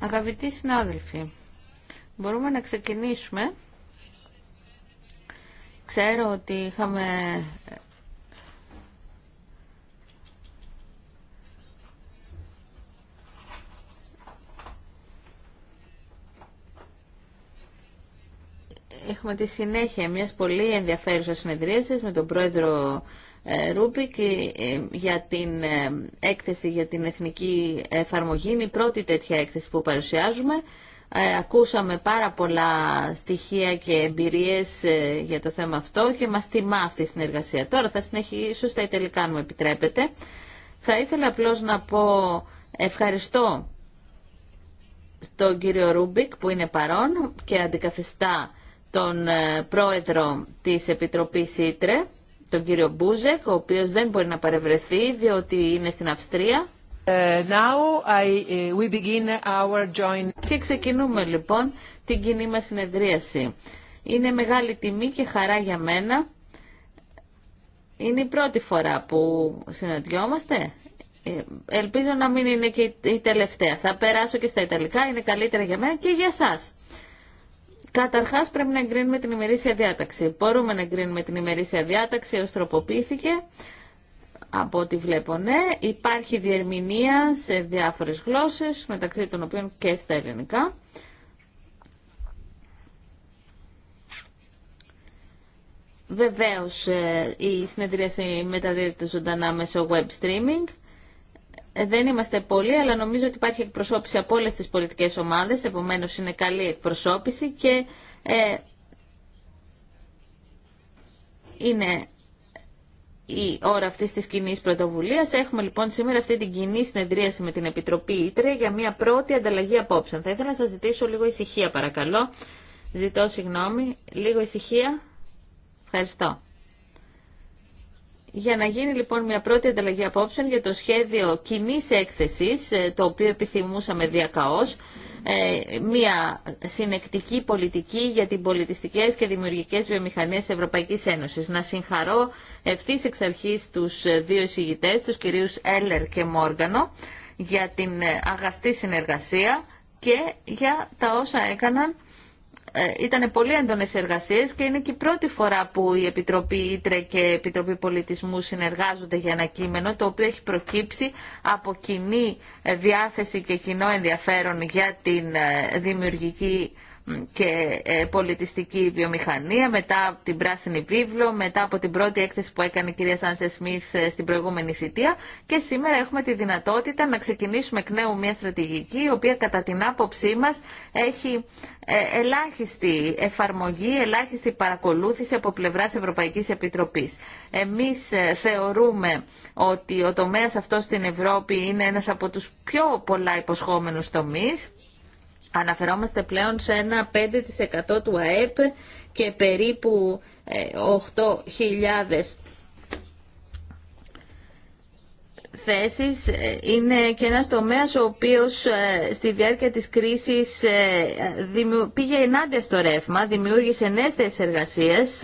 Αγαπητοί συνάδελφοι, μπορούμε να ξεκινήσουμε. Ξέρω ότι είχαμε ε, Έχουμε τη συνέχεια μιας πολύ ενδιαφέρουσας συνεδρίασης με τον πρόεδρο ε, Ρούμπικ ε, για την ε, έκθεση για την εθνική εφαρμογή. Είναι η πρώτη τέτοια έκθεση που παρουσιάζουμε. Ακούσαμε πάρα πολλά στοιχεία και εμπειρίες για το θέμα αυτό και μας τιμά αυτή η συνεργασία. Τώρα θα συνεχίσω στα Ιταλικά, αν μου επιτρέπετε. Θα ήθελα απλώς να πω ευχαριστώ στον κύριο Ρούμπικ που είναι παρόν και αντικαθιστά τον πρόεδρο της Επιτροπής Ήτρε τον κύριο Μπούζεκ, ο οποίος δεν μπορεί να παρευρεθεί διότι είναι στην Αυστρία. Ε, now I, ε, we begin our joint... Και ξεκινούμε λοιπόν την κοινή μας συνεδρίαση. Είναι μεγάλη τιμή και χαρά για μένα. Είναι η πρώτη φορά που συναντιόμαστε. Ε, ελπίζω να μην είναι και η τελευταία. Θα περάσω και στα Ιταλικά, είναι καλύτερα για μένα και για σας. Καταρχά πρέπει να εγκρίνουμε την ημερήσια διάταξη. Μπορούμε να εγκρίνουμε την ημερήσια διάταξη, ω τροποποιήθηκε. Από ό,τι βλέπω, ναι, υπάρχει διερμηνία σε διάφορες γλώσσες, μεταξύ των οποίων και στα ελληνικά. Βεβαίως, ε, η συνεδρίαση μεταδίδεται ζωντανά μέσω web streaming δεν είμαστε πολλοί, αλλά νομίζω ότι υπάρχει εκπροσώπηση από όλες τις πολιτικές ομάδες, επομένως είναι καλή εκπροσώπηση και ε, είναι η ώρα αυτή τη κοινή πρωτοβουλία. Έχουμε λοιπόν σήμερα αυτή την κοινή συνεδρίαση με την Επιτροπή Ήτρε για μια πρώτη ανταλλαγή απόψεων. Θα ήθελα να σα ζητήσω λίγο ησυχία, παρακαλώ. Ζητώ συγγνώμη. Λίγο ησυχία. Ευχαριστώ. Για να γίνει λοιπόν μια πρώτη ανταλλαγή απόψεων για το σχέδιο κοινή έκθεση, ε, το οποίο επιθυμούσαμε διακαώς, ε, μια συνεκτική πολιτική για την πολιτιστικέ και δημιουργικέ βιομηχανίε ευρωπαϊκή Ένωση. Να συγχαρώ ευθύ εξ αρχή του ε, δύο εισηγητές, τους κυρίους Έλλερ και Μόργανο, για την αγαστή συνεργασία και για τα όσα έκαναν ε, ήταν πολύ έντονε εργασίε και είναι και η πρώτη φορά που η Επιτροπή Ήτρε και η Επιτροπή Πολιτισμού συνεργάζονται για ένα κείμενο το οποίο έχει προκύψει από κοινή ε, διάθεση και κοινό ενδιαφέρον για την ε, δημιουργική και ε, πολιτιστική βιομηχανία, μετά την Πράσινη Βίβλο, μετά από την πρώτη έκθεση που έκανε η κυρία Σάντσε Σμιθ ε, στην προηγούμενη θητεία και σήμερα έχουμε τη δυνατότητα να ξεκινήσουμε εκ νέου μια στρατηγική η οποία κατά την άποψή μα έχει ε, ελάχιστη εφαρμογή, ελάχιστη παρακολούθηση από πλευράς Ευρωπαϊκής Επιτροπής. Εμείς θεωρούμε ότι ο τομέα αυτό στην Ευρώπη είναι ένα από του πιο πολλά υποσχόμενου τομεί Αναφερόμαστε πλέον σε ένα 5% του ΑΕΠ και περίπου 8.000 ε, θέσεις ε, είναι και ένας τομέας ο οποίος ε, στη διάρκεια της κρίσης πήγε ενάντια στο ρεύμα, δημιούργησε νέες θέσεις εργασίας,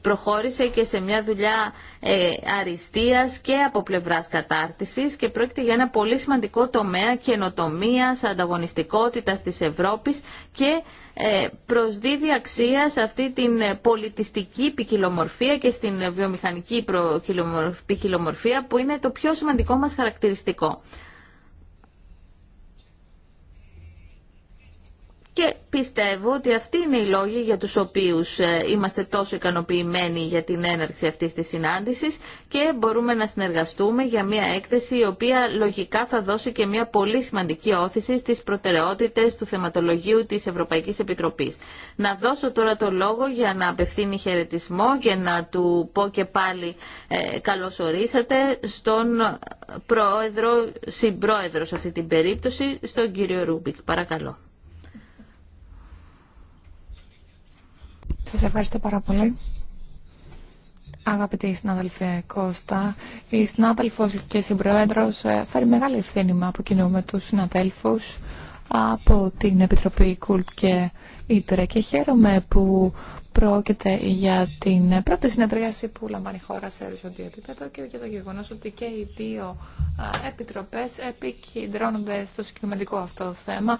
προχώρησε και σε μια δουλειά ε, αριστείας και από πλευράς κατάρτισης και πρόκειται για ένα πολύ σημαντικό τομέα καινοτομίας, ανταγωνιστικότητας της Ευρώπης και ε, προσδίδει αξία σε αυτή την πολιτιστική ποικιλομορφία και στην βιομηχανική ποικιλομορφία που είναι το πιο σημαντικό μας χαρακτηριστικό. Και πιστεύω ότι αυτοί είναι οι λόγοι για τους οποίους ε, είμαστε τόσο ικανοποιημένοι για την έναρξη αυτής της συνάντησης και μπορούμε να συνεργαστούμε για μια έκθεση η οποία λογικά θα δώσει και μια πολύ σημαντική όθηση στις προτεραιότητες του θεματολογίου της Ευρωπαϊκής Επιτροπής. Να δώσω τώρα το λόγο για να απευθύνει χαιρετισμό και να του πω και πάλι ε, καλώς ορίσατε στον πρόεδρο, συμπρόεδρο σε αυτή την περίπτωση, στον κύριο Ρούμπικ. Παρακαλώ. Σας ευχαριστώ πάρα πολύ. Αγαπητοί συνάδελφοι Κώστα, η Συνάδελφο και συμπροέδρο ε, φέρει μεγάλη ευθύνη από κοινού με συναδέλφου από την Επιτροπή Κουλτ και Ήτρε και χαίρομαι που πρόκειται για την πρώτη συνεδρίαση που λαμβάνει η χώρα σε οριζόντιο επίπεδο και για το γεγονό ότι και οι δύο επιτροπέ επικεντρώνονται στο συγκεκριμένο αυτό θέμα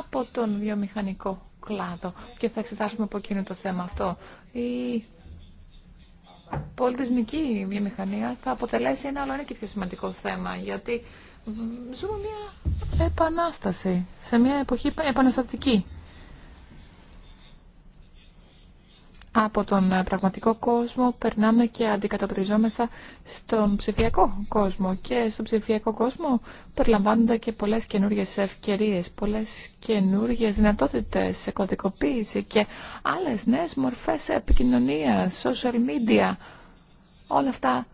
από τον βιομηχανικό κλάδο και θα εξετάσουμε από εκείνο το θέμα αυτό. Η πολιτισμική βιομηχανία θα αποτελέσει ένα άλλο ένα και πιο σημαντικό θέμα γιατί ζούμε μια επανάσταση σε μια εποχή επαναστατική. από τον ε, πραγματικό κόσμο περνάμε και αντικατοπτριζόμεθα στον ψηφιακό κόσμο και στον ψηφιακό κόσμο περιλαμβάνονται και πολλές καινούργιες ευκαιρίες, πολλές καινούργιες δυνατότητες, κωδικοποίηση και άλλες νέες μορφές επικοινωνίας, social media. Όλα αυτά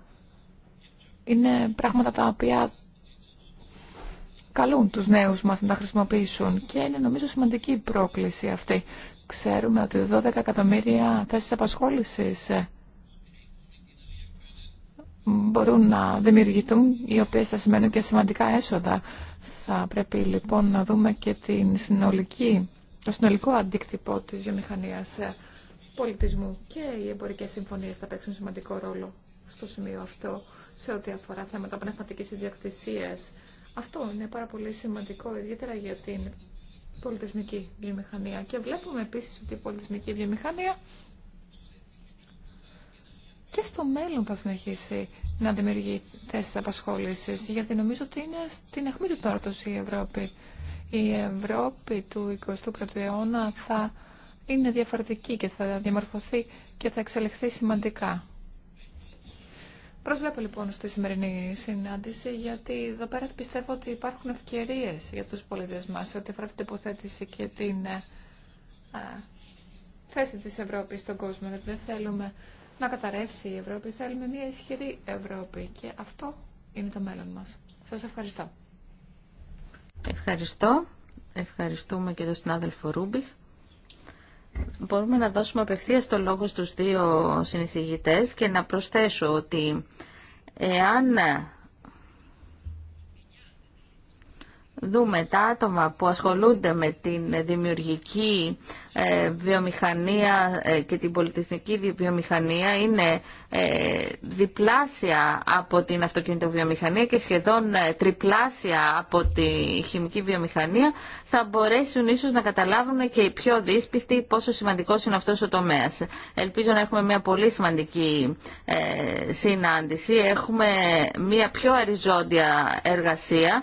είναι πράγματα τα οποία καλούν τους νέους μας να τα χρησιμοποιήσουν και είναι νομίζω σημαντική πρόκληση αυτή. Ξέρουμε ότι 12 εκατομμύρια θέσεις απασχόλησης ε, μπορούν να δημιουργηθούν, οι οποίες θα σημαίνουν και σημαντικά έσοδα. Θα πρέπει λοιπόν να δούμε και την συνολική, το συνολικό αντίκτυπο της βιομηχανία ε, πολιτισμού και οι εμπορικές συμφωνίες θα παίξουν σημαντικό ρόλο στο σημείο αυτό σε ό,τι αφορά θέματα πνευματικής ιδιοκτησίας. Αυτό είναι πάρα πολύ σημαντικό, ιδιαίτερα για την πολιτισμική βιομηχανία. Και βλέπουμε επίσης ότι η πολιτισμική βιομηχανία και στο μέλλον θα συνεχίσει να δημιουργεί θέσεις απασχόλησης, γιατί νομίζω ότι είναι στην αιχμή του τόρτος η Ευρώπη. Η Ευρώπη του 21ου αιώνα θα είναι διαφορετική και θα διαμορφωθεί και θα εξελιχθεί σημαντικά. Προσβλέπω λοιπόν στη σημερινή συνάντηση, γιατί εδώ πέρα πιστεύω ότι υπάρχουν ευκαιρίε για του πολίτε μα ό,τι αφορά την υποθέτηση και την ε, θέση τη Ευρώπη στον κόσμο. Δηλαδή, δεν θέλουμε να καταρρεύσει η Ευρώπη, θέλουμε μια ισχυρή Ευρώπη και αυτό είναι το μέλλον μα. Σα ευχαριστώ. Ευχαριστώ. Ευχαριστούμε και τον συνάδελφο Ρούμπιχ. Μπορούμε να δώσουμε απευθεία το λόγο στους δύο συνεισηγητές και να προσθέσω ότι εάν δούμε τα άτομα που ασχολούνται με την δημιουργική ε, βιομηχανία ε, και την πολιτιστική βιομηχανία είναι ε, διπλάσια από την βιομηχανία και σχεδόν τριπλάσια από τη χημική βιομηχανία θα μπορέσουν ίσως να καταλάβουν και οι πιο δύσπιστοι πόσο σημαντικός είναι αυτός ο τομέας. Ελπίζω να έχουμε μια πολύ σημαντική συνάντηση. Έχουμε μια πιο αριζόντια εργασία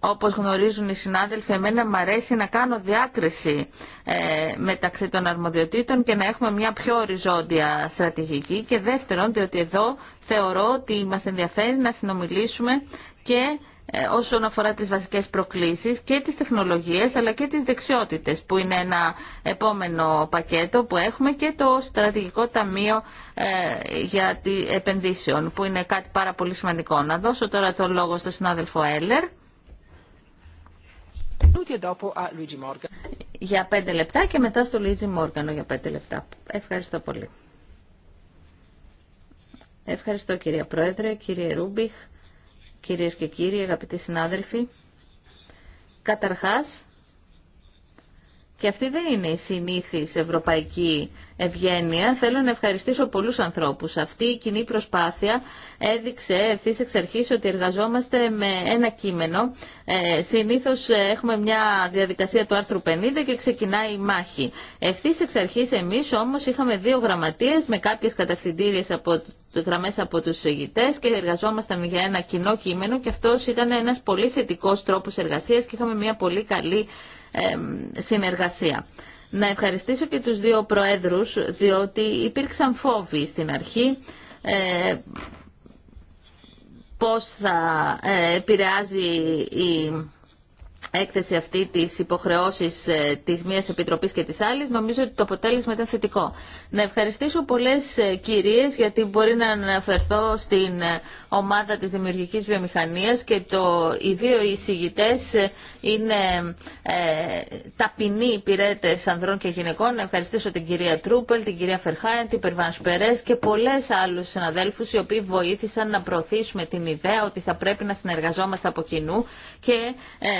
όπως γνωρίζουν οι συνάδελφοι, εμένα μου αρέσει να κάνω διάκριση ε, μεταξύ των αρμοδιοτήτων και να έχουμε μια πιο οριζόντια στρατηγική και δεύτερον, διότι εδώ θεωρώ ότι μας ενδιαφέρει να συνομιλήσουμε και ε, όσον αφορά τις βασικές προκλήσεις και τις τεχνολογίες αλλά και τις δεξιότητες που είναι ένα επόμενο πακέτο που έχουμε και το στρατηγικό ταμείο ε, για τη επενδύσεων που είναι κάτι πάρα πολύ σημαντικό. Να δώσω τώρα το λόγο στον συνάδελφο Έλλερ. E για πέντε λεπτά και μετά στο Λίτζι Μόργανο για πέντε λεπτά. Ευχαριστώ πολύ. Ευχαριστώ κυρία Πρόεδρε, κύριε Ρούμπιχ, κυρίες και κύριοι, αγαπητοί συνάδελφοι. Καταρχάς, και αυτή δεν είναι η συνήθις ευρωπαϊκή ευγένεια. Θέλω να ευχαριστήσω πολλούς ανθρώπους. Αυτή η κοινή προσπάθεια έδειξε ευθύ εξ αρχή ότι εργαζόμαστε με ένα κείμενο. Ε, συνήθως έχουμε μια διαδικασία του άρθρου 50 και ξεκινάει η μάχη. Ευθύ εξ αρχή, εμεί όμω είχαμε δύο γραμματείε με κάποιε κατευθυντήριε από γραμμέ από του ηγητέ και εργαζόμασταν για ένα κοινό κείμενο και αυτό ήταν ένα πολύ θετικό τρόπο εργασία και είχαμε μια πολύ καλή συνεργασία. Να ευχαριστήσω και τους δύο προέδρους, διότι υπήρξαν φόβοι στην αρχή ε, πώς θα ε, επηρεάζει η έκθεση αυτή τη υποχρεώσεις τη μια επιτροπή και τη άλλη, νομίζω ότι το αποτέλεσμα ήταν θετικό. Να ευχαριστήσω πολλέ ε, κυρίε γιατί μπορεί να αναφερθώ στην ε, ομάδα τη Δημιουργική Βιομηχανία και το, οι δύο εισηγητέ ε, είναι ε, ταπεινοί υπηρέτε ανδρών και γυναικών. Να ευχαριστήσω την κυρία Τρούπελ, την κυρία Φερχάιν, την Περβάν Σπερέ και πολλέ άλλου συναδέλφου οι οποίοι βοήθησαν να προωθήσουμε την ιδέα ότι θα πρέπει να συνεργαζόμαστε από κοινού και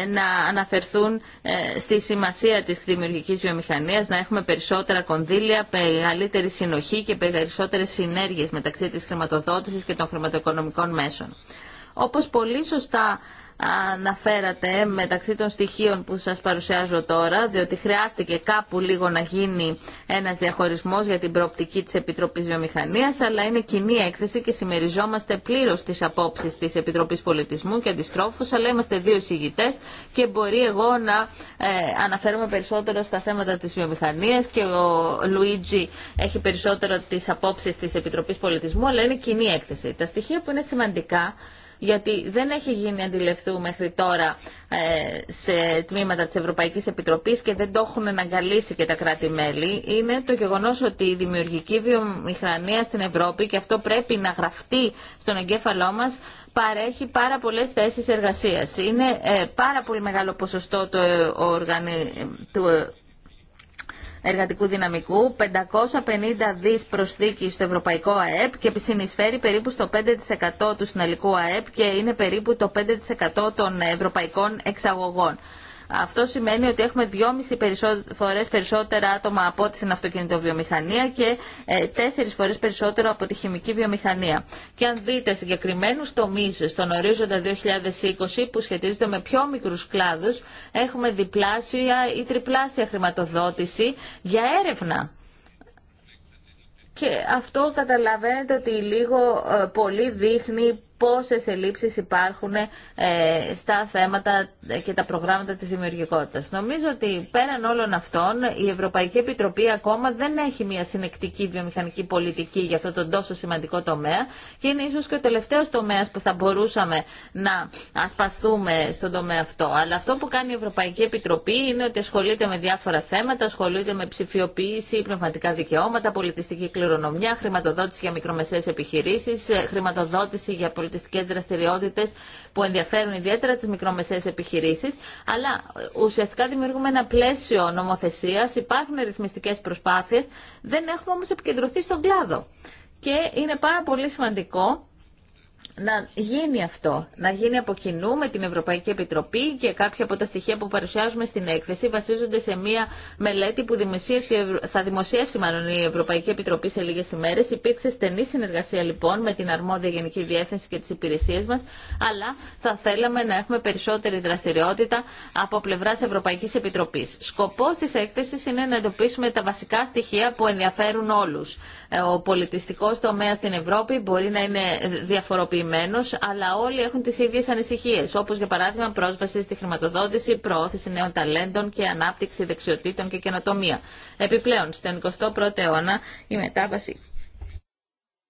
να αναφερθούν ε, στη σημασία της δημιουργικής βιομηχανίας, να έχουμε περισσότερα κονδύλια, μεγαλύτερη συνοχή και περισσότερες συνέργειες μεταξύ της χρηματοδότησης και των χρηματοοικονομικών μέσων. Όπως πολύ σωστά αναφέρατε μεταξύ των στοιχείων που σας παρουσιάζω τώρα, διότι χρειάστηκε κάπου λίγο να γίνει ένας διαχωρισμός για την προοπτική της Επιτροπής Βιομηχανίας, αλλά είναι κοινή έκθεση και συμμεριζόμαστε πλήρως τις απόψεις της Επιτροπής Πολιτισμού και αντιστρόφους, αλλά είμαστε δύο εισηγητές και μπορεί εγώ να ε, αναφέρομαι περισσότερο στα θέματα της βιομηχανίας και ο Λουίτζι έχει περισσότερο τις απόψεις της Επιτροπής Πολιτισμού, αλλά είναι κοινή έκθεση. Τα στοιχεία που είναι σημαντικά γιατί δεν έχει γίνει αντιληφθού μέχρι τώρα ε, σε τμήματα της Ευρωπαϊκής Επιτροπής και δεν το έχουν αναγκαλίσει και τα κράτη-μέλη, είναι το γεγονός ότι η δημιουργική βιομηχανία στην Ευρώπη, και αυτό πρέπει να γραφτεί στον εγκέφαλό μας, παρέχει πάρα πολλές θέσεις εργασίας. Είναι ε, πάρα πολύ μεγάλο ποσοστό ε, του, εργατικού δυναμικού, 550 δις προσθήκη στο ευρωπαϊκό ΑΕΠ και συνεισφέρει περίπου στο 5% του συνολικού ΑΕΠ και είναι περίπου το 5% των ευρωπαϊκών εξαγωγών. Αυτό σημαίνει ότι έχουμε 2,5 φορέ φορές περισσότερα άτομα από ό,τι στην αυτοκινητοβιομηχανία και ε, τέσσερι 4 φορές περισσότερο από τη χημική βιομηχανία. Και αν δείτε συγκεκριμένους τομείς στον ορίζοντα 2020 που σχετίζονται με πιο μικρού κλάδου, έχουμε διπλάσια ή τριπλάσια χρηματοδότηση για έρευνα. Και αυτό καταλαβαίνετε ότι λίγο ε, πολύ δείχνει πόσες ελλείψεις υπάρχουν ε, στα θέματα και τα προγράμματα της δημιουργικότητας. Νομίζω ότι πέραν όλων αυτών η Ευρωπαϊκή Επιτροπή ακόμα δεν έχει μια συνεκτική βιομηχανική πολιτική για αυτό τον τόσο σημαντικό τομέα και είναι ίσως και ο τελευταίο τομέας που θα μπορούσαμε να ασπαστούμε στον τομέα αυτό. Αλλά αυτό που κάνει η Ευρωπαϊκή Επιτροπή είναι ότι ασχολείται με διάφορα θέματα, ασχολείται με ψηφιοποίηση, πνευματικά δικαιώματα, πολιτιστική κληρονομιά, χρηματοδότηση για μικρομεσαίες επιχειρήσεις, ε, χρηματοδότηση για πολιτιστικέ δραστηριότητε που ενδιαφέρουν ιδιαίτερα τι μικρομεσαίε επιχειρήσει. Αλλά ουσιαστικά δημιουργούμε ένα πλαίσιο νομοθεσία, υπάρχουν ρυθμιστικέ προσπάθειε, δεν έχουμε όμω επικεντρωθεί στον κλάδο. Και είναι πάρα πολύ σημαντικό να γίνει αυτό, να γίνει από κοινού με την Ευρωπαϊκή Επιτροπή και κάποια από τα στοιχεία που παρουσιάζουμε στην έκθεση βασίζονται σε μια μελέτη που θα δημοσιεύσει μάλλον η Ευρωπαϊκή Επιτροπή σε λίγες ημέρες. Υπήρξε στενή συνεργασία λοιπόν με την αρμόδια Γενική Διεύθυνση και τις υπηρεσίες μας, αλλά θα θέλαμε να έχουμε περισσότερη δραστηριότητα από πλευράς Ευρωπαϊκής Επιτροπής. Σκοπός της έκθεσης είναι να εντοπίσουμε τα βασικά στοιχεία που ενδιαφέρουν όλους. Ε, ο πολιτιστικό τομέα στην Ευρώπη μπορεί να είναι διαφοροποιημένος αλλά όλοι έχουν τις ίδιε ανησυχίε, όπως για παράδειγμα πρόσβαση στη χρηματοδότηση, προώθηση νέων ταλέντων και ανάπτυξη δεξιοτήτων και καινοτομία. Επιπλέον, στον 21ο αιώνα η μετάβαση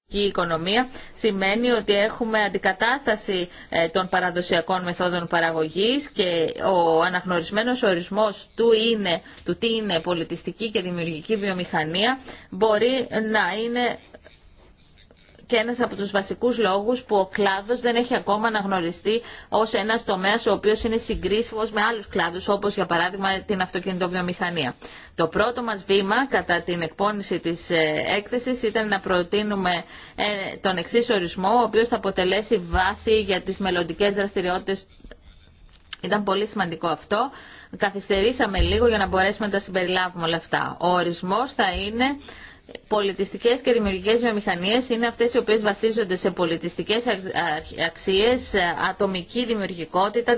η οικονομία σημαίνει ότι έχουμε αντικατάσταση ε, των παραδοσιακών μεθόδων παραγωγής και ο αναγνωρισμένος ορισμός του, είναι, του τι είναι πολιτιστική και δημιουργική βιομηχανία μπορεί να είναι και ένας από τους βασικούς λόγους που ο κλάδος δεν έχει ακόμα αναγνωριστεί ως ένας τομέας ο οποίος είναι συγκρίσιμος με άλλους κλάδους όπως για παράδειγμα την αυτοκινητοβιομηχανία. Το πρώτο μας βήμα κατά την εκπόνηση της ε, έκθεσης ήταν να προτείνουμε ε, τον εξή ορισμό ο οποίος θα αποτελέσει βάση για τις μελλοντικέ δραστηριότητες ήταν πολύ σημαντικό αυτό. Καθυστερήσαμε λίγο για να μπορέσουμε να τα συμπεριλάβουμε όλα αυτά. Ο ορισμός θα είναι Πολιτιστικέ και δημιουργικέ βιομηχανίε είναι αυτέ οι οποίε βασίζονται σε πολιτιστικέ αξίε, ατομική δημιουργικότητα,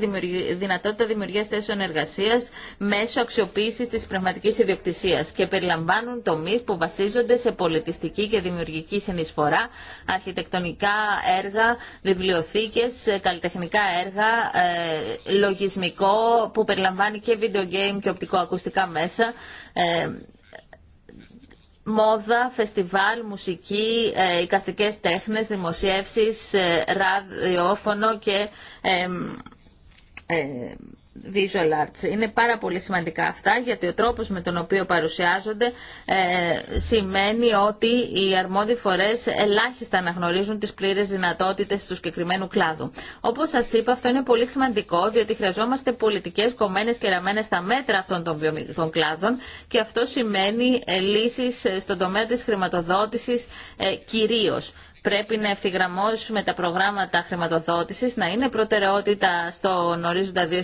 δυνατότητα δημιουργία θέσεων εργασία μέσω αξιοποίηση τη πνευματική ιδιοκτησία και περιλαμβάνουν τομεί που βασίζονται σε πολιτιστική και δημιουργική συνεισφορά, αρχιτεκτονικά έργα, βιβλιοθήκε, καλλιτεχνικά έργα, ε, λογισμικό που περιλαμβάνει και video game και οπτικοακουστικά μέσα, ε, μόδα, φεστιβάλ, μουσική, ε, τέχνες, δημοσιεύσεις, ε, ραδιόφωνο και ε, visual arts. Είναι πάρα πολύ σημαντικά αυτά γιατί ο τρόπος με τον οποίο παρουσιάζονται ε, σημαίνει ότι οι αρμόδιοι φορές ελάχιστα αναγνωρίζουν τις πλήρες δυνατότητες του συγκεκριμένου κλάδου. Όπως σας είπα αυτό είναι πολύ σημαντικό διότι χρειαζόμαστε πολιτικές κομμένες και ραμμένες στα μέτρα αυτών των, κλάδων και αυτό σημαίνει ε, λύσεις ε, στον τομέα της χρηματοδότησης ε, κυρίως πρέπει να ευθυγραμμώσουμε τα προγράμματα χρηματοδότησης, να είναι προτεραιότητα στον ορίζοντα 2020,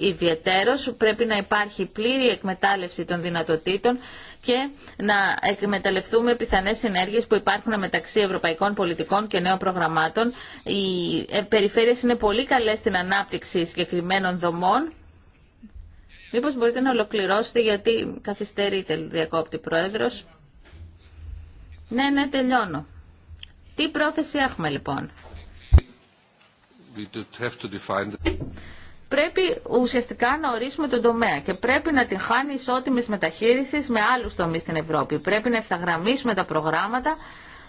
ιδιαιτέρως πρέπει να υπάρχει πλήρη εκμετάλλευση των δυνατοτήτων και να εκμεταλλευτούμε πιθανές ενέργειες που υπάρχουν μεταξύ ευρωπαϊκών πολιτικών και νέων προγραμμάτων. Οι ε, περιφέρειες είναι πολύ καλέ στην ανάπτυξη συγκεκριμένων δομών. Μήπως μπορείτε να ολοκληρώσετε, γιατί καθυστερείτε, διακόπτη Πρόεδρο. Ναι, ναι, τελειώνω. Τι πρόθεση έχουμε λοιπόν. Πρέπει ουσιαστικά να ορίσουμε τον τομέα και πρέπει να την χάνει ισότιμη μεταχείριση με άλλου τομεί στην Ευρώπη. Πρέπει να ευθαγραμμίσουμε τα προγράμματα.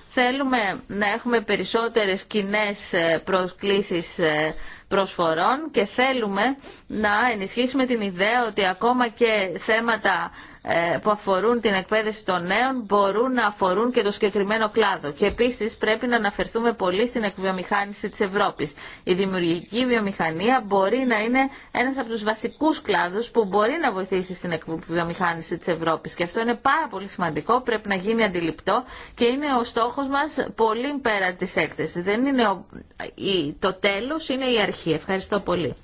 Θέλουμε να έχουμε περισσότερες κοινέ ε, προσκλήσεις ε, προσφορών και θέλουμε να ενισχύσουμε την ιδέα ότι ακόμα και θέματα ε, που αφορούν την εκπαίδευση των νέων μπορούν να αφορούν και το συγκεκριμένο κλάδο. Και επίση πρέπει να αναφερθούμε πολύ στην εκβιομηχάνηση τη Ευρώπη. Η δημιουργική βιομηχανία μπορεί να είναι ένα από του βασικού κλάδου που μπορεί να βοηθήσει στην εκβιομηχάνηση τη Ευρώπη. Και αυτό είναι πάρα πολύ σημαντικό, πρέπει να γίνει αντιληπτό και είναι ο στόχο μα πολύ πέρα τη έκθεση. Δεν είναι ο... το τέλο, είναι η αρχή. Ευχαριστώ πολύ.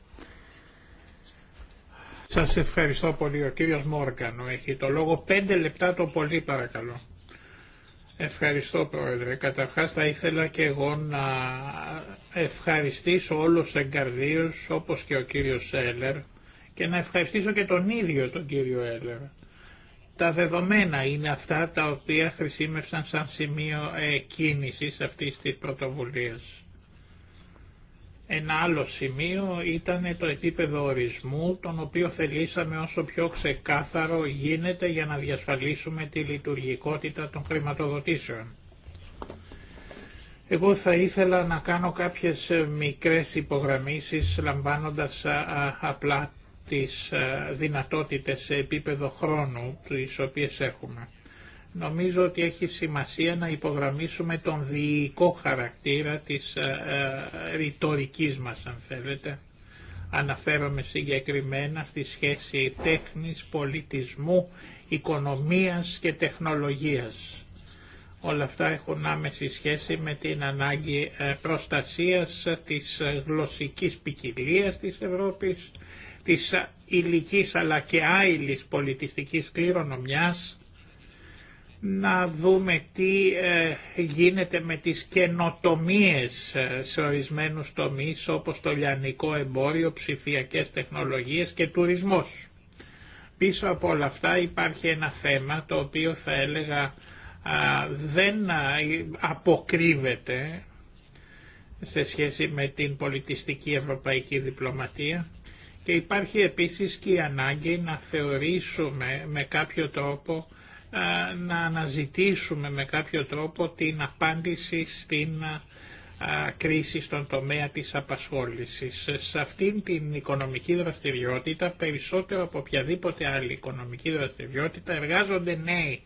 Σας ευχαριστώ πολύ. Ο κύριος Μόργανο έχει το λόγο. Πέντε λεπτά το πολύ παρακαλώ. Ευχαριστώ Πρόεδρε. Καταρχάς θα ήθελα και εγώ να ευχαριστήσω όλους εγκαρδίους όπως και ο κύριος Έλερ και να ευχαριστήσω και τον ίδιο τον κύριο Έλερ. Τα δεδομένα είναι αυτά τα οποία χρησιμεύσαν σαν σημείο κίνησης αυτής της πρωτοβουλίας. Ένα άλλο σημείο ήταν το επίπεδο ορισμού, τον οποίο θελήσαμε όσο πιο ξεκάθαρο γίνεται για να διασφαλίσουμε τη λειτουργικότητα των χρηματοδοτήσεων. Εγώ θα ήθελα να κάνω κάποιες μικρές υπογραμμίσεις λαμβάνοντας απλά τις δυνατότητες σε επίπεδο χρόνου τις οποίες έχουμε. Νομίζω ότι έχει σημασία να υπογραμμίσουμε τον διοικό χαρακτήρα της ε, ε, ρητορική μας, αν θέλετε. Αναφέρομαι συγκεκριμένα στη σχέση τέχνης, πολιτισμού, οικονομίας και τεχνολογίας. Όλα αυτά έχουν άμεση σχέση με την ανάγκη ε, προστασίας της γλωσσικής ποικιλία της Ευρώπης, της ηλικής αλλά και άειλης πολιτιστικής κληρονομιάς, να δούμε τι ε, γίνεται με τις καινοτομίες ε, σε ορισμένους τομείς όπως το λιανικό εμπόριο, ψηφιακές τεχνολογίες και τουρισμός. Πίσω από όλα αυτά υπάρχει ένα θέμα το οποίο θα έλεγα δεν αποκρύβεται σε σχέση με την πολιτιστική ευρωπαϊκή διπλωματία και υπάρχει επίσης και η ανάγκη να θεωρήσουμε με κάποιο τρόπο ε, να αναζητήσουμε με κάποιο τρόπο την απάντηση στην ε, κρίση στον τομέα της απασχόλησης. Σε αυτήν την οικονομική δραστηριότητα, περισσότερο από οποιαδήποτε άλλη οικονομική δραστηριότητα, εργάζονται νέοι.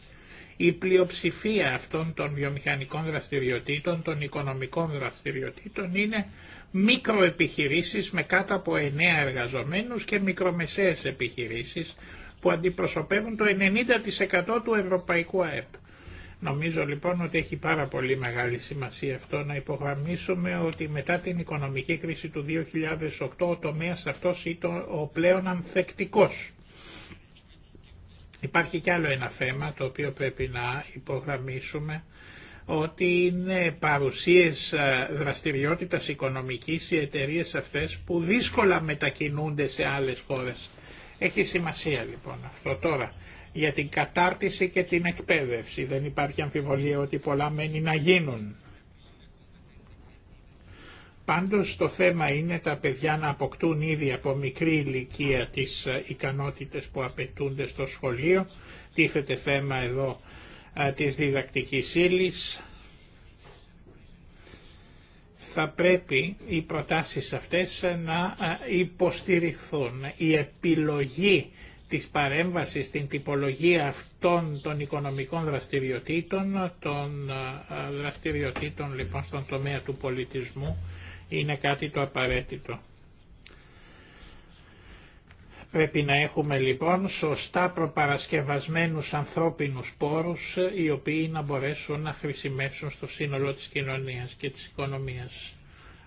Η πλειοψηφία αυτών των βιομηχανικών δραστηριοτήτων, των οικονομικών δραστηριοτήτων, είναι μικροεπιχειρήσεις με κάτω από 9 εργαζομένους και μικρομεσαίες επιχειρήσεις, που αντιπροσωπεύουν το 90% του ευρωπαϊκού ΑΕΠ. Νομίζω λοιπόν ότι έχει πάρα πολύ μεγάλη σημασία αυτό να υπογραμμίσουμε ότι μετά την οικονομική κρίση του 2008 ο τομέας αυτός ήταν ο πλέον ανθεκτικό. Υπάρχει κι άλλο ένα θέμα το οποίο πρέπει να υπογραμμίσουμε ότι είναι παρουσίες ε, δραστηριότητας οικονομικής οι εταιρείε αυτές που δύσκολα μετακινούνται σε άλλες χώρες. Έχει σημασία λοιπόν αυτό τώρα για την κατάρτιση και την εκπαίδευση. Δεν υπάρχει αμφιβολία ότι πολλά μένει να γίνουν. Πάντως το θέμα είναι τα παιδιά να αποκτούν ήδη από μικρή ηλικία τις ε, ικανότητες που απαιτούνται στο σχολείο. Τίθεται θέμα εδώ ε, της διδακτικής ύλης, θα πρέπει οι προτάσεις αυτές να ε, υποστηριχθούν. Η επιλογή της παρέμβασης στην τυπολογία αυτών των οικονομικών δραστηριοτήτων, των ε, δραστηριοτήτων λοιπόν στον τομέα του πολιτισμού, είναι κάτι το απαραίτητο. Πρέπει να έχουμε λοιπόν σωστά προπαρασκευασμένους ανθρώπινους πόρους οι οποίοι να μπορέσουν να χρησιμεύσουν στο σύνολο της κοινωνίας και της οικονομίας.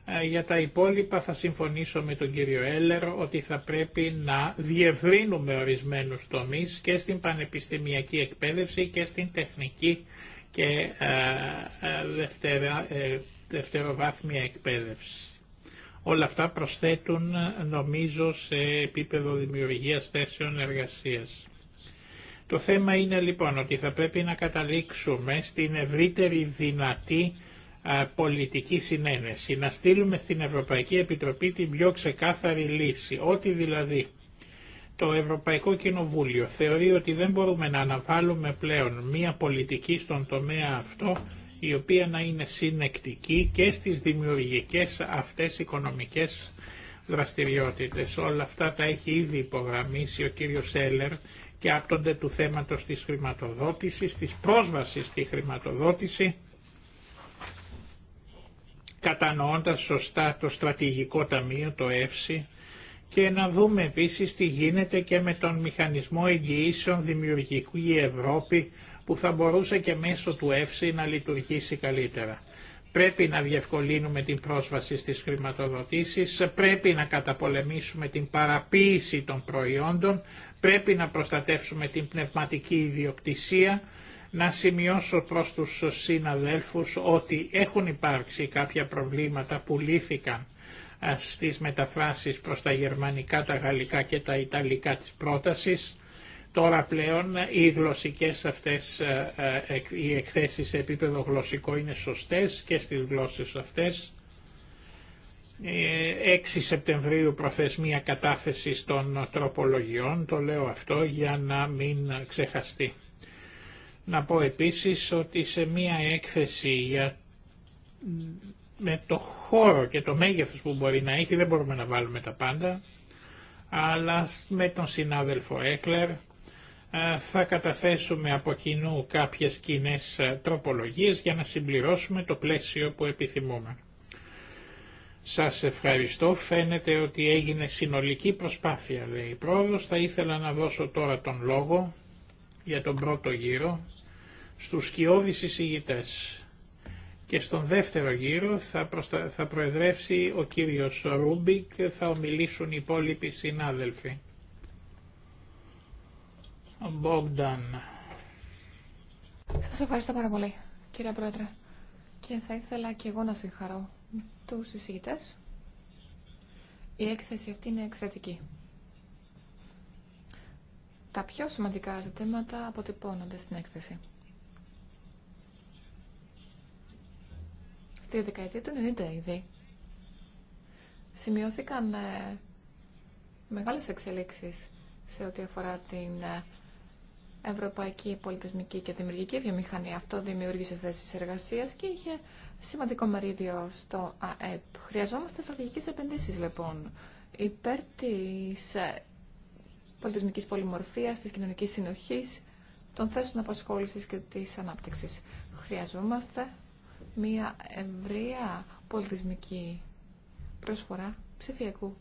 Ε, για τα υπόλοιπα θα συμφωνήσω με τον κύριο Έλλερ ότι θα πρέπει να διευρύνουμε ορισμένους τομείς και στην πανεπιστημιακή εκπαίδευση και στην τεχνική και ε, ε, δευτερα, δευτεροβάθμια εκπαίδευση. Όλα αυτά προσθέτουν νομίζω σε επίπεδο δημιουργίας θέσεων εργασίας. Το θέμα είναι λοιπόν ότι θα πρέπει να καταλήξουμε στην ευρύτερη δυνατή πολιτική συνένεση, να στείλουμε στην Ευρωπαϊκή Επιτροπή την πιο ξεκάθαρη λύση, ότι δηλαδή το Ευρωπαϊκό Κοινοβούλιο θεωρεί ότι δεν μπορούμε να αναβάλουμε πλέον μία πολιτική στον τομέα αυτό η οποία να είναι συνεκτική και στις δημιουργικές αυτές οικονομικές δραστηριότητες. Όλα αυτά τα έχει ήδη υπογραμμίσει ο κύριος Σέλερ και άπτονται του θέματος της χρηματοδότησης, της πρόσβασης στη χρηματοδότηση, κατανοώντας σωστά το στρατηγικό ταμείο, το ΕΦΣΥ, και να δούμε επίσης τι γίνεται και με τον μηχανισμό εγγυήσεων δημιουργικού η Ευρώπη, που θα μπορούσε και μέσω του ΕΦΣΥ να λειτουργήσει καλύτερα. Πρέπει να διευκολύνουμε την πρόσβαση στις χρηματοδοτήσεις, πρέπει να καταπολεμήσουμε την παραποίηση των προϊόντων, πρέπει να προστατεύσουμε την πνευματική ιδιοκτησία, να σημειώσω προς τους συναδέλφους ότι έχουν υπάρξει κάποια προβλήματα που λύθηκαν ε, στις μεταφράσεις προς τα γερμανικά, τα γαλλικά και τα ιταλικά της πρότασης. Τώρα πλέον οι γλωσσικές αυτές, ε, ε, οι εκθέσεις σε επίπεδο γλωσσικό είναι σωστές και στις γλώσσες αυτές. 6 ε, Σεπτεμβρίου μία κατάθεση των τροπολογιών, το λέω αυτό για να μην ξεχαστεί. Να πω επίσης ότι σε μία έκθεση για... με το χώρο και το μέγεθος που μπορεί να έχει, δεν μπορούμε να βάλουμε τα πάντα, αλλά με τον συνάδελφο Έκλερ θα καταθέσουμε από κοινού κάποιες κοινέ τροπολογίες για να συμπληρώσουμε το πλαίσιο που επιθυμούμε. Σας ευχαριστώ. Φαίνεται ότι έγινε συνολική προσπάθεια, λέει η πρόεδρος. Θα ήθελα να δώσω τώρα τον λόγο για τον πρώτο γύρο στους σκιώδεις εισηγητές. Και στον δεύτερο γύρο θα, προεδρεύσει ο κύριος Ρούμπικ, θα ομιλήσουν οι υπόλοιποι συνάδελφοι. Μπόγκταν. Σας ευχαριστώ πάρα πολύ, κύριε Πρόεδρε. Και θα ήθελα και εγώ να συγχαρώ τους συζητητές. Η έκθεση αυτή είναι εξαιρετική. Τα πιο σημαντικά ζητήματα αποτυπώνονται στην έκθεση. Στη δεκαετία του 90 ήδη σημειώθηκαν ε, μεγάλες εξελίξεις σε ό,τι αφορά την ε, Ευρωπαϊκή Πολιτισμική και Δημιουργική Βιομηχανία. Αυτό δημιούργησε θέσει εργασία και είχε σημαντικό μερίδιο στο ΑΕΠ. Χρειαζόμαστε στρατηγικέ επενδύσει λοιπόν υπέρ τη ε, πολιτισμική πολυμορφία, τη κοινωνική συνοχή, των θέσεων απασχόληση και τη ανάπτυξη. Χρειαζόμαστε μια ευρεία πολιτισμική προσφορά ψηφιακού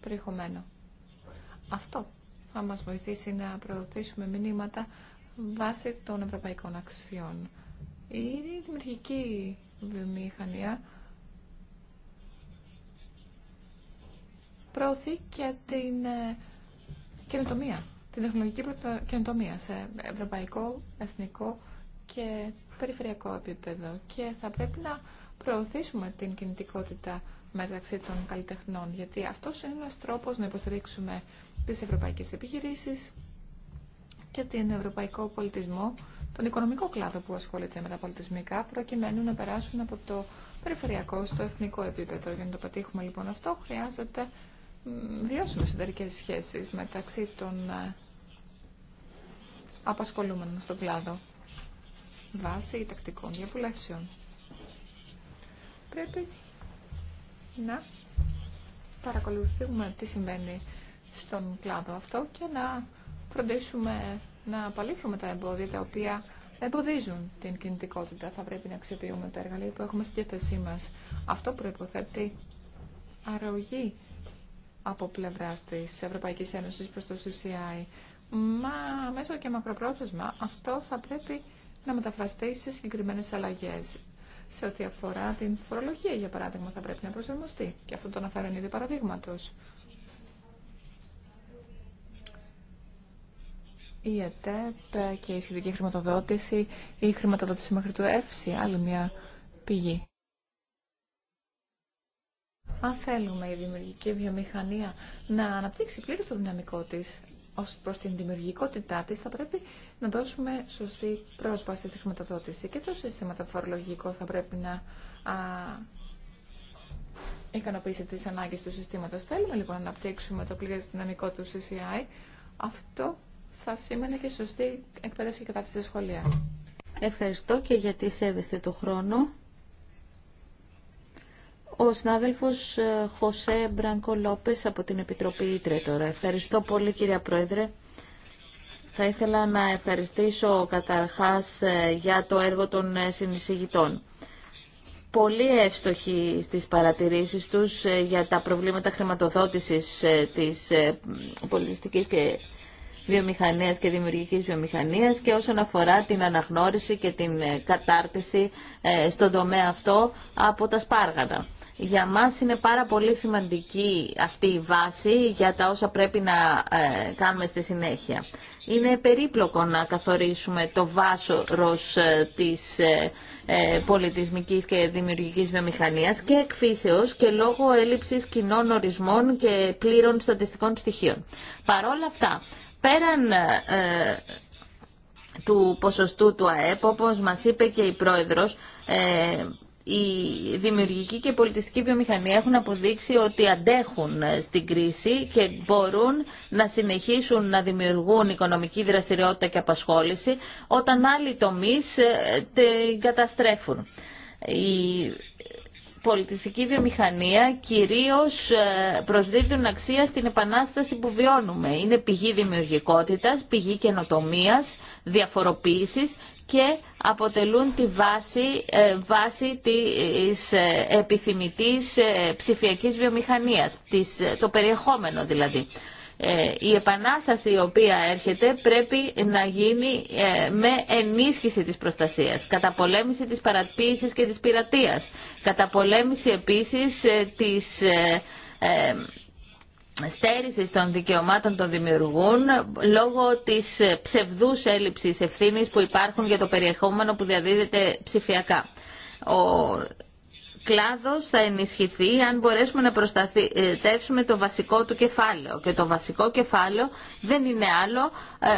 περιεχομένου. Αυτό θα μας βοηθήσει να προωθήσουμε μηνύματα βάσει των ευρωπαϊκών αξιών. Η δημιουργική βιομηχανία προωθεί και την ε, καινοτομία, την τεχνολογική καινοτομία σε ευρωπαϊκό, εθνικό και περιφερειακό επίπεδο και θα πρέπει να προωθήσουμε την κινητικότητα μεταξύ των καλλιτεχνών γιατί αυτός είναι ένας τρόπος να υποστηρίξουμε τις ευρωπαϊκές επιχειρήσεις και την ευρωπαϊκό πολιτισμό, τον οικονομικό κλάδο που ασχολείται με τα πολιτισμικά, προκειμένου να περάσουν από το περιφερειακό στο εθνικό επίπεδο. Για να το πετύχουμε λοιπόν αυτό, χρειάζεται βιώσιμε εταιρικέ σχέσει μεταξύ των ε, απασχολούμενων στον κλάδο βάσει τακτικών διαβουλεύσεων. Πρέπει να παρακολουθούμε τι συμβαίνει στον κλάδο αυτό και να φροντίσουμε να τα εμπόδια τα οποία εμποδίζουν την κινητικότητα. Θα πρέπει να αξιοποιούμε τα εργαλεία που έχουμε στη διάθεσή μας. Αυτό προϋποθέτει αρρωγή από πλευρά τη Ευρωπαϊκή Ένωση προ το CCI. Μα μέσω και μακροπρόθεσμα αυτό θα πρέπει να μεταφραστεί σε συγκεκριμένε αλλαγέ. Σε ό,τι αφορά την φορολογία, για παράδειγμα, θα πρέπει να προσαρμοστεί. Και αυτό το αναφέρω ήδη παραδείγματο. η ΕΤΕΠ και η σχετική χρηματοδότηση ή η χρηματοδότηση μέχρι του ΕΦΣΙ, άλλη μια πηγή. Αν θέλουμε η δημιουργική βιομηχανία να αναπτύξει πλήρως το δυναμικό της ως προς την δημιουργικότητά της, θα πρέπει να δώσουμε σωστή πρόσβαση στη χρηματοδότηση και το σύστημα το φορολογικό θα πρέπει να α, ικανοποιήσει τις ανάγκες του συστήματος. Θέλουμε λοιπόν να αναπτύξουμε το πλήρες δυναμικό του CCI. Αυτό θα σήμαινε και σωστή εκπαίδευση και κατάσταση στα σχολεία. Ευχαριστώ και γιατί σέβεστε το χρόνο. Ο συνάδελφος ε, Χωσέ Μπρανκο Λόπες από την Επιτροπή Ήτρε τώρα. Ευχαριστώ πολύ κυρία Πρόεδρε. Θα ήθελα να ευχαριστήσω καταρχάς ε, για το έργο των ε, συνεισηγητών πολύ εύστοχοι στις παρατηρήσεις τους για τα προβλήματα χρηματοδότησης της πολιτιστικής και βιομηχανίας και δημιουργικής βιομηχανίας και όσον αφορά την αναγνώριση και την ε, κατάρτιση ε, στον τομέα αυτό από τα σπάργανα. Για μας είναι πάρα πολύ σημαντική αυτή η βάση για τα όσα πρέπει να ε, κάνουμε στη συνέχεια. Είναι περίπλοκο να καθορίσουμε το βάσορος της πολιτισμικής και δημιουργικής βιομηχανίας και εκφύσεως και λόγω έλλειψης κοινών ορισμών και πλήρων στατιστικών στοιχείων. Παρόλα αυτά, Πέραν ε, του ποσοστού του ΑΕΠ, όπως μας είπε και η Πρόεδρος, ε, η δημιουργική και η πολιτιστική βιομηχανία έχουν αποδείξει ότι αντέχουν ε, στην κρίση και μπορούν να συνεχίσουν να δημιουργούν οικονομική δραστηριότητα και απασχόληση όταν άλλοι τομείς ε, την καταστρέφουν. Η πολιτιστική βιομηχανία κυρίως ε, προσδίδουν αξία στην επανάσταση που βιώνουμε. Είναι πηγή δημιουργικότητας, πηγή καινοτομίας, διαφοροποίησης και αποτελούν τη βάση, ε, βάση της ε, επιθυμητής ψηφιακής βιομηχανίας, το περιεχόμενο δηλαδή. Ε, η επανάσταση η οποία έρχεται πρέπει να γίνει ε, με ενίσχυση της προστασίας, καταπολέμηση της παρατποίησης και της πειρατείας, καταπολέμηση επίσης ε, της στέρηση των δικαιωμάτων των δημιουργούν λόγω της ψευδούς έλλειψης ευθύνης που υπάρχουν για το περιεχόμενο που διαδίδεται ψηφιακά κλάδος θα ενισχυθεί αν μπορέσουμε να προστατεύσουμε το βασικό του κεφάλαιο. Και το βασικό κεφάλαιο δεν είναι άλλο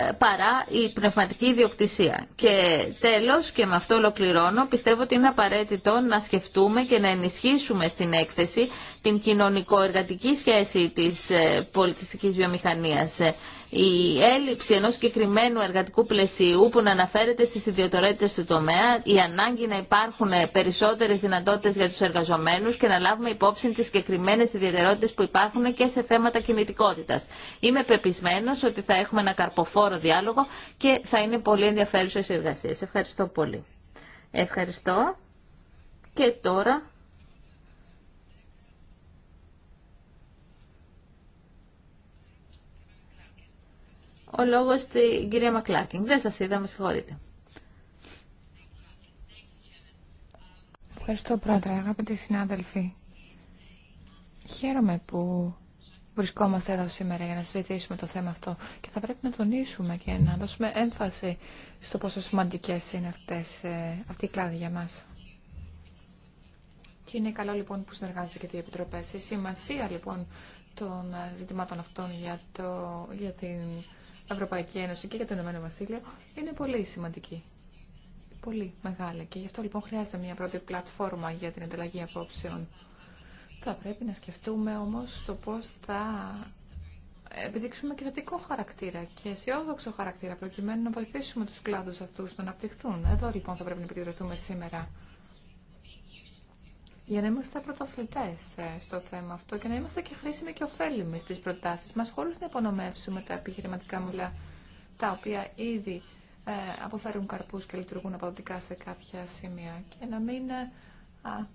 ε, παρά η πνευματική ιδιοκτησία. Και τέλος, και με αυτό ολοκληρώνω, πιστεύω ότι είναι απαραίτητο να σκεφτούμε και να ενισχύσουμε στην έκθεση την κοινωνικο-εργατική σχέση της ε, πολιτιστικής βιομηχανίας η έλλειψη ενός συγκεκριμένου εργατικού πλαισίου που να αναφέρεται στις ιδιωτερότητες του τομέα, η ανάγκη να υπάρχουν περισσότερες δυνατότητες για τους εργαζομένους και να λάβουμε υπόψη τις συγκεκριμένες ιδιαιτερότητες που υπάρχουν και σε θέματα κινητικότητας. Είμαι πεπισμένος ότι θα έχουμε ένα καρποφόρο διάλογο και θα είναι πολύ ενδιαφέρουσες οι εργασίες. Ευχαριστώ πολύ. Ευχαριστώ. Και τώρα ο λόγος στην κυρία Μακλάκινγκ. Δεν σας είδα, με συγχωρείτε. Ευχαριστώ πρόεδρε, αγαπητοί συνάδελφοι. Χαίρομαι που βρισκόμαστε εδώ σήμερα για να συζητήσουμε το θέμα αυτό και θα πρέπει να τονίσουμε και να δώσουμε έμφαση στο πόσο σημαντικές είναι αυτές, ε, αυτή η κλάδη για μας. Και είναι καλό λοιπόν που συνεργάζονται και οι επιτροπές. Η σημασία λοιπόν των ζητημάτων αυτών για, το, για την Ευρωπαϊκή Ένωση και για το Ηνωμένο Βασίλειο είναι πολύ σημαντική. Πολύ μεγάλη. Και γι' αυτό λοιπόν χρειάζεται μια πρώτη πλατφόρμα για την ανταλλαγή απόψεων. Θα πρέπει να σκεφτούμε όμως το πώς θα επιδείξουμε και θετικό χαρακτήρα και αισιόδοξο χαρακτήρα προκειμένου να βοηθήσουμε τους κλάδους αυτούς να αναπτυχθούν. Εδώ λοιπόν θα πρέπει να επικεντρωθούμε σήμερα για να είμαστε πρωταθλητέ ε, στο θέμα αυτό και να είμαστε και χρήσιμοι και ωφέλιμοι στι προτάσει, μα χωρί να υπονομεύσουμε τα επιχειρηματικά μουλά τα οποία ήδη ε, αποφέρουν καρπού και λειτουργούν αποδοτικά σε κάποια σημεία και να μην ε,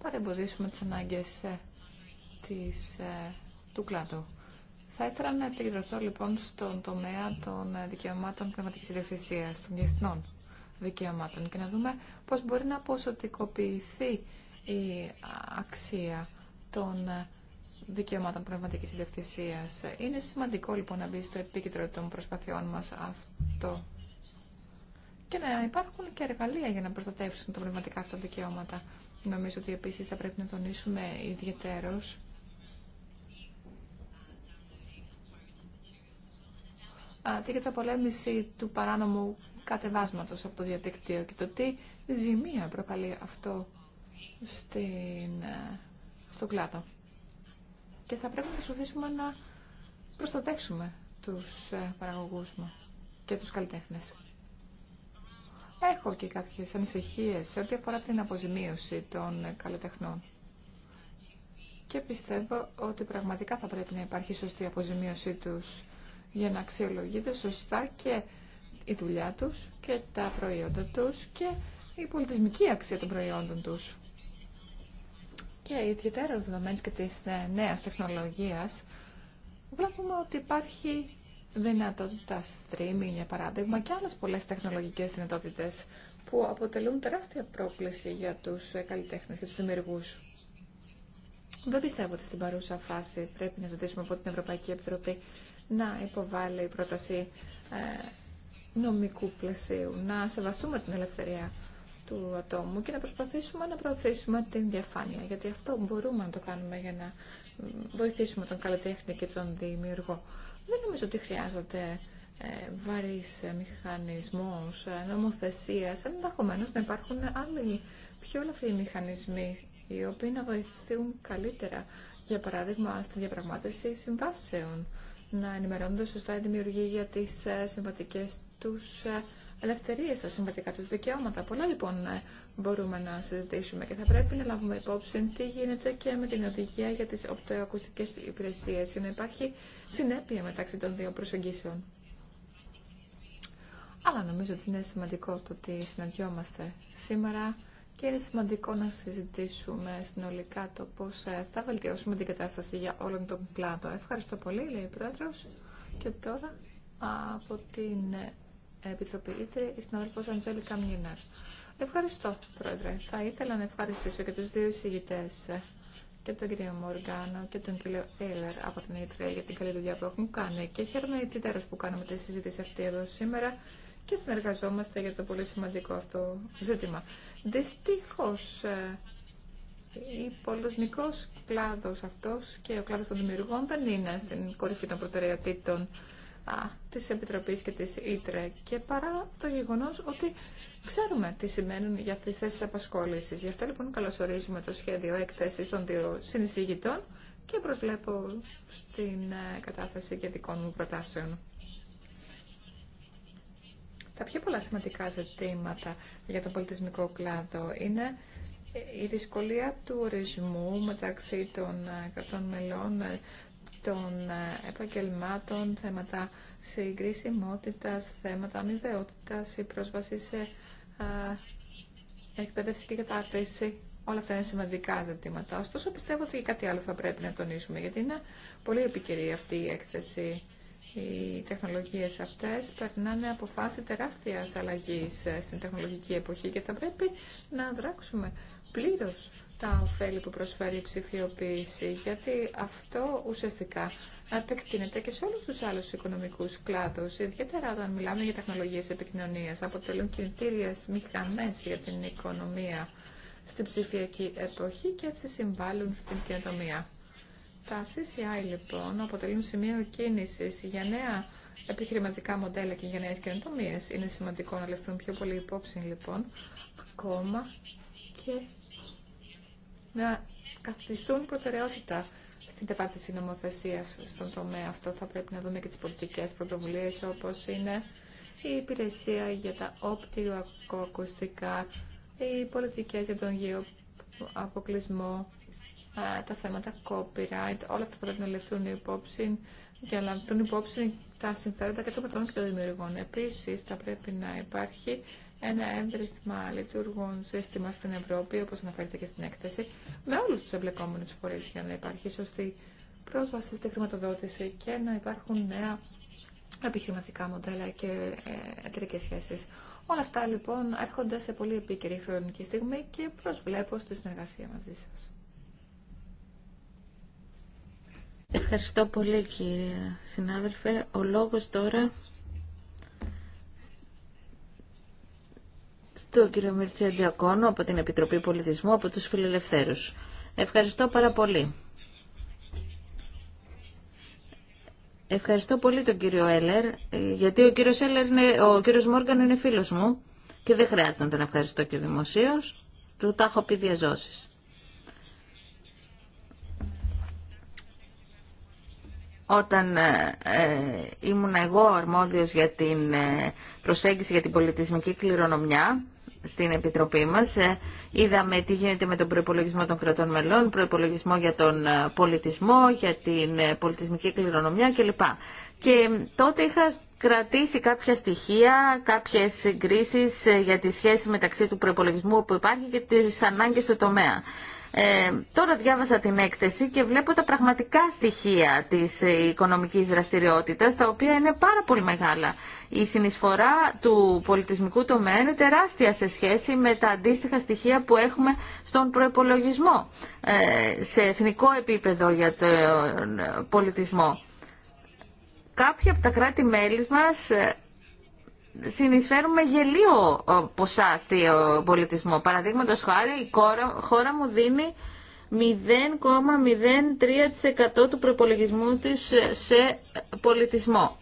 παρεμποδίσουμε τις ανάγκες του κλάδου. Θα ήθελα να επικεντρωθώ λοιπόν στον τομέα των δικαιωμάτων πνευματική ιδιοκτησίας, των διεθνών δικαιωμάτων και να δούμε πώ μπορεί να ποσοτικοποιηθεί η αξία των δικαιωμάτων πνευματικής ιδιοκτησίας. Είναι σημαντικό λοιπόν να μπει στο επίκεντρο των προσπαθειών μας αυτό και να υπάρχουν και εργαλεία για να προστατεύσουν τα πνευματικά αυτά δικαιώματα. Νομίζω ότι επίσης θα πρέπει να τονίσουμε ιδιαιτέρως την καταπολέμηση του παράνομου κατεβάσματος από το διαδίκτυο και το τι ζημία προκαλεί αυτό στην, ε, στο κλάδο. Και θα πρέπει να προσπαθήσουμε να προστατεύσουμε τους ε, παραγωγούς μου και τους καλλιτέχνες. Έχω και κάποιες ανησυχίες σε ό,τι αφορά την αποζημίωση των καλλιτεχνών. Και πιστεύω ότι πραγματικά θα πρέπει να υπάρχει σωστή αποζημίωσή τους για να αξιολογείται σωστά και η δουλειά τους και τα προϊόντα τους και η πολιτισμική αξία των προϊόντων τους και ιδιαίτερως δεδομένης και της νέας τεχνολογίας, βλέπουμε ότι υπάρχει δυνατότητα streaming, για παράδειγμα, και άλλες πολλές τεχνολογικές δυνατότητες που αποτελούν τεράστια πρόκληση για τους ε, καλλιτέχνες και τους δημιουργούς. Δεν πιστεύω ότι στην παρούσα φάση πρέπει να ζητήσουμε από την Ευρωπαϊκή Επιτροπή να υποβάλει πρόταση ε, νομικού πλαισίου, να σεβαστούμε την ελευθερία του ατόμου και να προσπαθήσουμε να προωθήσουμε την διαφάνεια. Γιατί αυτό μπορούμε να το κάνουμε για να βοηθήσουμε τον καλλιτέχνη και τον δημιουργό. Δεν νομίζω ότι χρειάζεται ε, βαρύς μηχανισμός, ε, νομοθεσίας. Ενδεχομένω να υπάρχουν άλλοι πιο ελαφροί μηχανισμοί οι οποίοι να βοηθούν καλύτερα, για παράδειγμα, στη διαπραγμάτευση συμβάσεων να ενημερώνονται σωστά οι δημιουργοί για τι ε, συμβατικέ του ε, ελευθερίε, τα συμβατικά του δικαιώματα. Πολλά λοιπόν ε, μπορούμε να συζητήσουμε και θα πρέπει να λάβουμε υπόψη τι γίνεται και με την οδηγία για τι οπτοακουστικέ υπηρεσίε, για να υπάρχει συνέπεια μεταξύ των δύο προσεγγίσεων. Αλλά νομίζω ότι είναι σημαντικό το ότι συναντιόμαστε σήμερα και είναι σημαντικό να συζητήσουμε συνολικά το πώ ε, θα βελτιώσουμε την κατάσταση για όλον τον πλάτο. Ευχαριστώ πολύ, λέει ο πρόεδρο, Και τώρα από την ε, Επιτροπή Ήτρε, η συνάδελφο Αντζέλη Καμινέρ. Ευχαριστώ, Πρόεδρε. Θα ήθελα να ευχαριστήσω και του δύο εισηγητές ε, και τον κύριο Μοργάνο και τον κύριο Έλλερ από την Ήτρη για την καλή δουλειά που έχουν κάνει και χαίρομαι ιδιαίτερω που κάνουμε τη συζήτηση αυτή εδώ σήμερα και συνεργαζόμαστε για το πολύ σημαντικό αυτό ζήτημα. Δυστυχώ, ο ε, πολιτισμικό κλάδο αυτό και ο κλάδο των δημιουργών δεν είναι στην κορυφή των προτεραιοτήτων τη Επιτροπή και τη ΙΤΡΕ. Και παρά το γεγονό ότι ξέρουμε τι σημαίνουν για τι θέσει απασχόληση. Γι' αυτό λοιπόν καλωσορίζουμε το σχέδιο έκθεση των δύο συνεισηγητών και προσβλέπω στην ε, κατάθεση και δικών μου προτάσεων. Τα πιο πολλά σημαντικά ζητήματα για τον πολιτισμικό κλάδο είναι η δυσκολία του ορισμού μεταξύ των κρατών μελών, των επαγγελμάτων, θέματα συγκρίσιμότητας, θέματα αμοιβαιότητας, η πρόσβαση σε εκπαίδευση και κατάρτιση. Όλα αυτά είναι σημαντικά ζητήματα. Ωστόσο, πιστεύω ότι κάτι άλλο θα πρέπει να τονίσουμε, γιατί είναι πολύ επικαιρή αυτή η έκθεση οι τεχνολογίες αυτές περνάνε από φάση τεράστιας αλλαγής ε, στην τεχνολογική εποχή και θα πρέπει να δράξουμε πλήρως τα ωφέλη που προσφέρει η ψηφιοποίηση, γιατί αυτό ουσιαστικά επεκτείνεται και σε όλους τους άλλους οικονομικούς κλάδους, ιδιαίτερα όταν μιλάμε για τεχνολογίες επικοινωνίας, αποτελούν κινητήριες μηχανές για την οικονομία στην ψηφιακή εποχή και έτσι συμβάλλουν στην καινοτομία. Τα CCI λοιπόν αποτελούν σημείο κίνησης για νέα επιχειρηματικά μοντέλα και για νέε καινοτομίε. Είναι σημαντικό να λεφθούν πιο πολύ υπόψη λοιπόν ακόμα και να καθιστούν προτεραιότητα στην τεπάρτιση νομοθεσία στον τομέα αυτό. Θα πρέπει να δούμε και τις πολιτικές πρωτοβουλίε, όπως είναι η υπηρεσία για τα όπτιο ακουστικά, οι πολιτικέ για τον αποκλεισμό τα θέματα copyright, όλα αυτά πρέπει να λεφτούν υπόψη για να λαμβάνουν υπόψη τα συμφέροντα και των πατών και των δημιουργών. Επίση, θα πρέπει να υπάρχει ένα εύρυθμα λειτουργών σύστημα στην Ευρώπη, όπω αναφέρεται και στην έκθεση, με όλου του εμπλεκόμενου φορεί για να υπάρχει σωστή πρόσβαση στη χρηματοδότηση και να υπάρχουν νέα επιχειρηματικά μοντέλα και ε, εταιρικέ σχέσει. Όλα αυτά λοιπόν έρχονται σε πολύ επίκαιρη χρονική στιγμή και προσβλέπω στη συνεργασία μαζί σα. Ευχαριστώ πολύ κύριε συνάδελφε. Ο λόγος τώρα στο κύριο Μυρτσία Διακόνο από την Επιτροπή Πολιτισμού από τους Φιλελευθέρους. Ευχαριστώ πάρα πολύ. Ευχαριστώ πολύ τον κύριο Έλερ, γιατί ο κύριος, ο κύριος Μόργαν είναι φίλος μου και δεν χρειάζεται να τον ευχαριστώ και δημοσίως. Του τα έχω πει διαζώσεις. Όταν ε, ε, ήμουν εγώ αρμόδιος για την ε, προσέγγιση για την πολιτισμική κληρονομιά στην Επιτροπή μας, ε, είδαμε τι γίνεται με τον προϋπολογισμό των κρατών μελών, προϋπολογισμό για τον πολιτισμό, για την πολιτισμική κληρονομιά κλπ. Και τότε είχα κρατήσει κάποια στοιχεία, κάποιες συγκρίσεις για τη σχέση μεταξύ του προϋπολογισμού που υπάρχει και τις ανάγκες του τομέα. Ε, τώρα διάβασα την έκθεση και βλέπω τα πραγματικά στοιχεία της ε, οικονομικής δραστηριότητας, τα οποία είναι πάρα πολύ μεγάλα. Η συνεισφορά του πολιτισμικού τομέα είναι τεράστια σε σχέση με τα αντίστοιχα στοιχεία που έχουμε στον προϋπολογισμό ε, σε εθνικό επίπεδο για τον πολιτισμό. Κάποια από τα κράτη-μέλη μας συνεισφέρουμε γελίο ε, ποσά στο ε, πολιτισμό. Παραδείγματο χάρη, η χώρα, μου δίνει 0,03% του προπολογισμού της ε, σε πολιτισμό.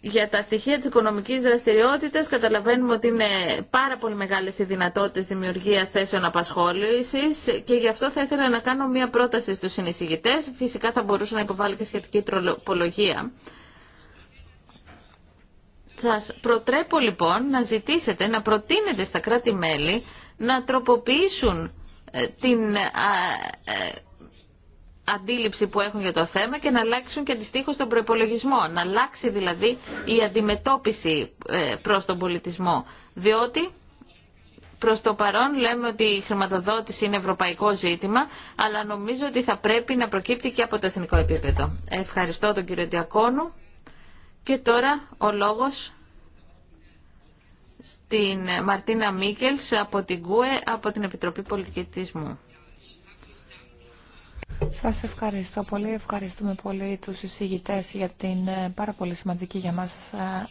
Για τα στοιχεία της οικονομικής δραστηριότητας καταλαβαίνουμε ότι είναι πάρα πολύ μεγάλες οι δυνατότητες δημιουργίας θέσεων απασχόλησης και γι' αυτό θα ήθελα να κάνω μία πρόταση στους συνεισηγητές. Φυσικά θα μπορούσα να υποβάλω και σχετική τροπολογία. Σας προτρέπω λοιπόν να ζητήσετε, να προτείνετε στα κράτη-μέλη να τροποποιήσουν ε, την ε, ε, αντίληψη που έχουν για το θέμα και να αλλάξουν και αντιστοίχω τον προπολογισμό. Να αλλάξει δηλαδή η αντιμετώπιση προς τον πολιτισμό. Διότι προς το παρόν λέμε ότι η χρηματοδότηση είναι ευρωπαϊκό ζήτημα, αλλά νομίζω ότι θα πρέπει να προκύπτει και από το εθνικό επίπεδο. Ευχαριστώ τον κύριο Διακόνου. Και τώρα ο λόγος στην Μαρτίνα Μίκελς από την ΚΟΕ, από την Επιτροπή μου. Σας ευχαριστώ πολύ. Ευχαριστούμε πολύ τους εισηγητές για την ε, πάρα πολύ σημαντική για μας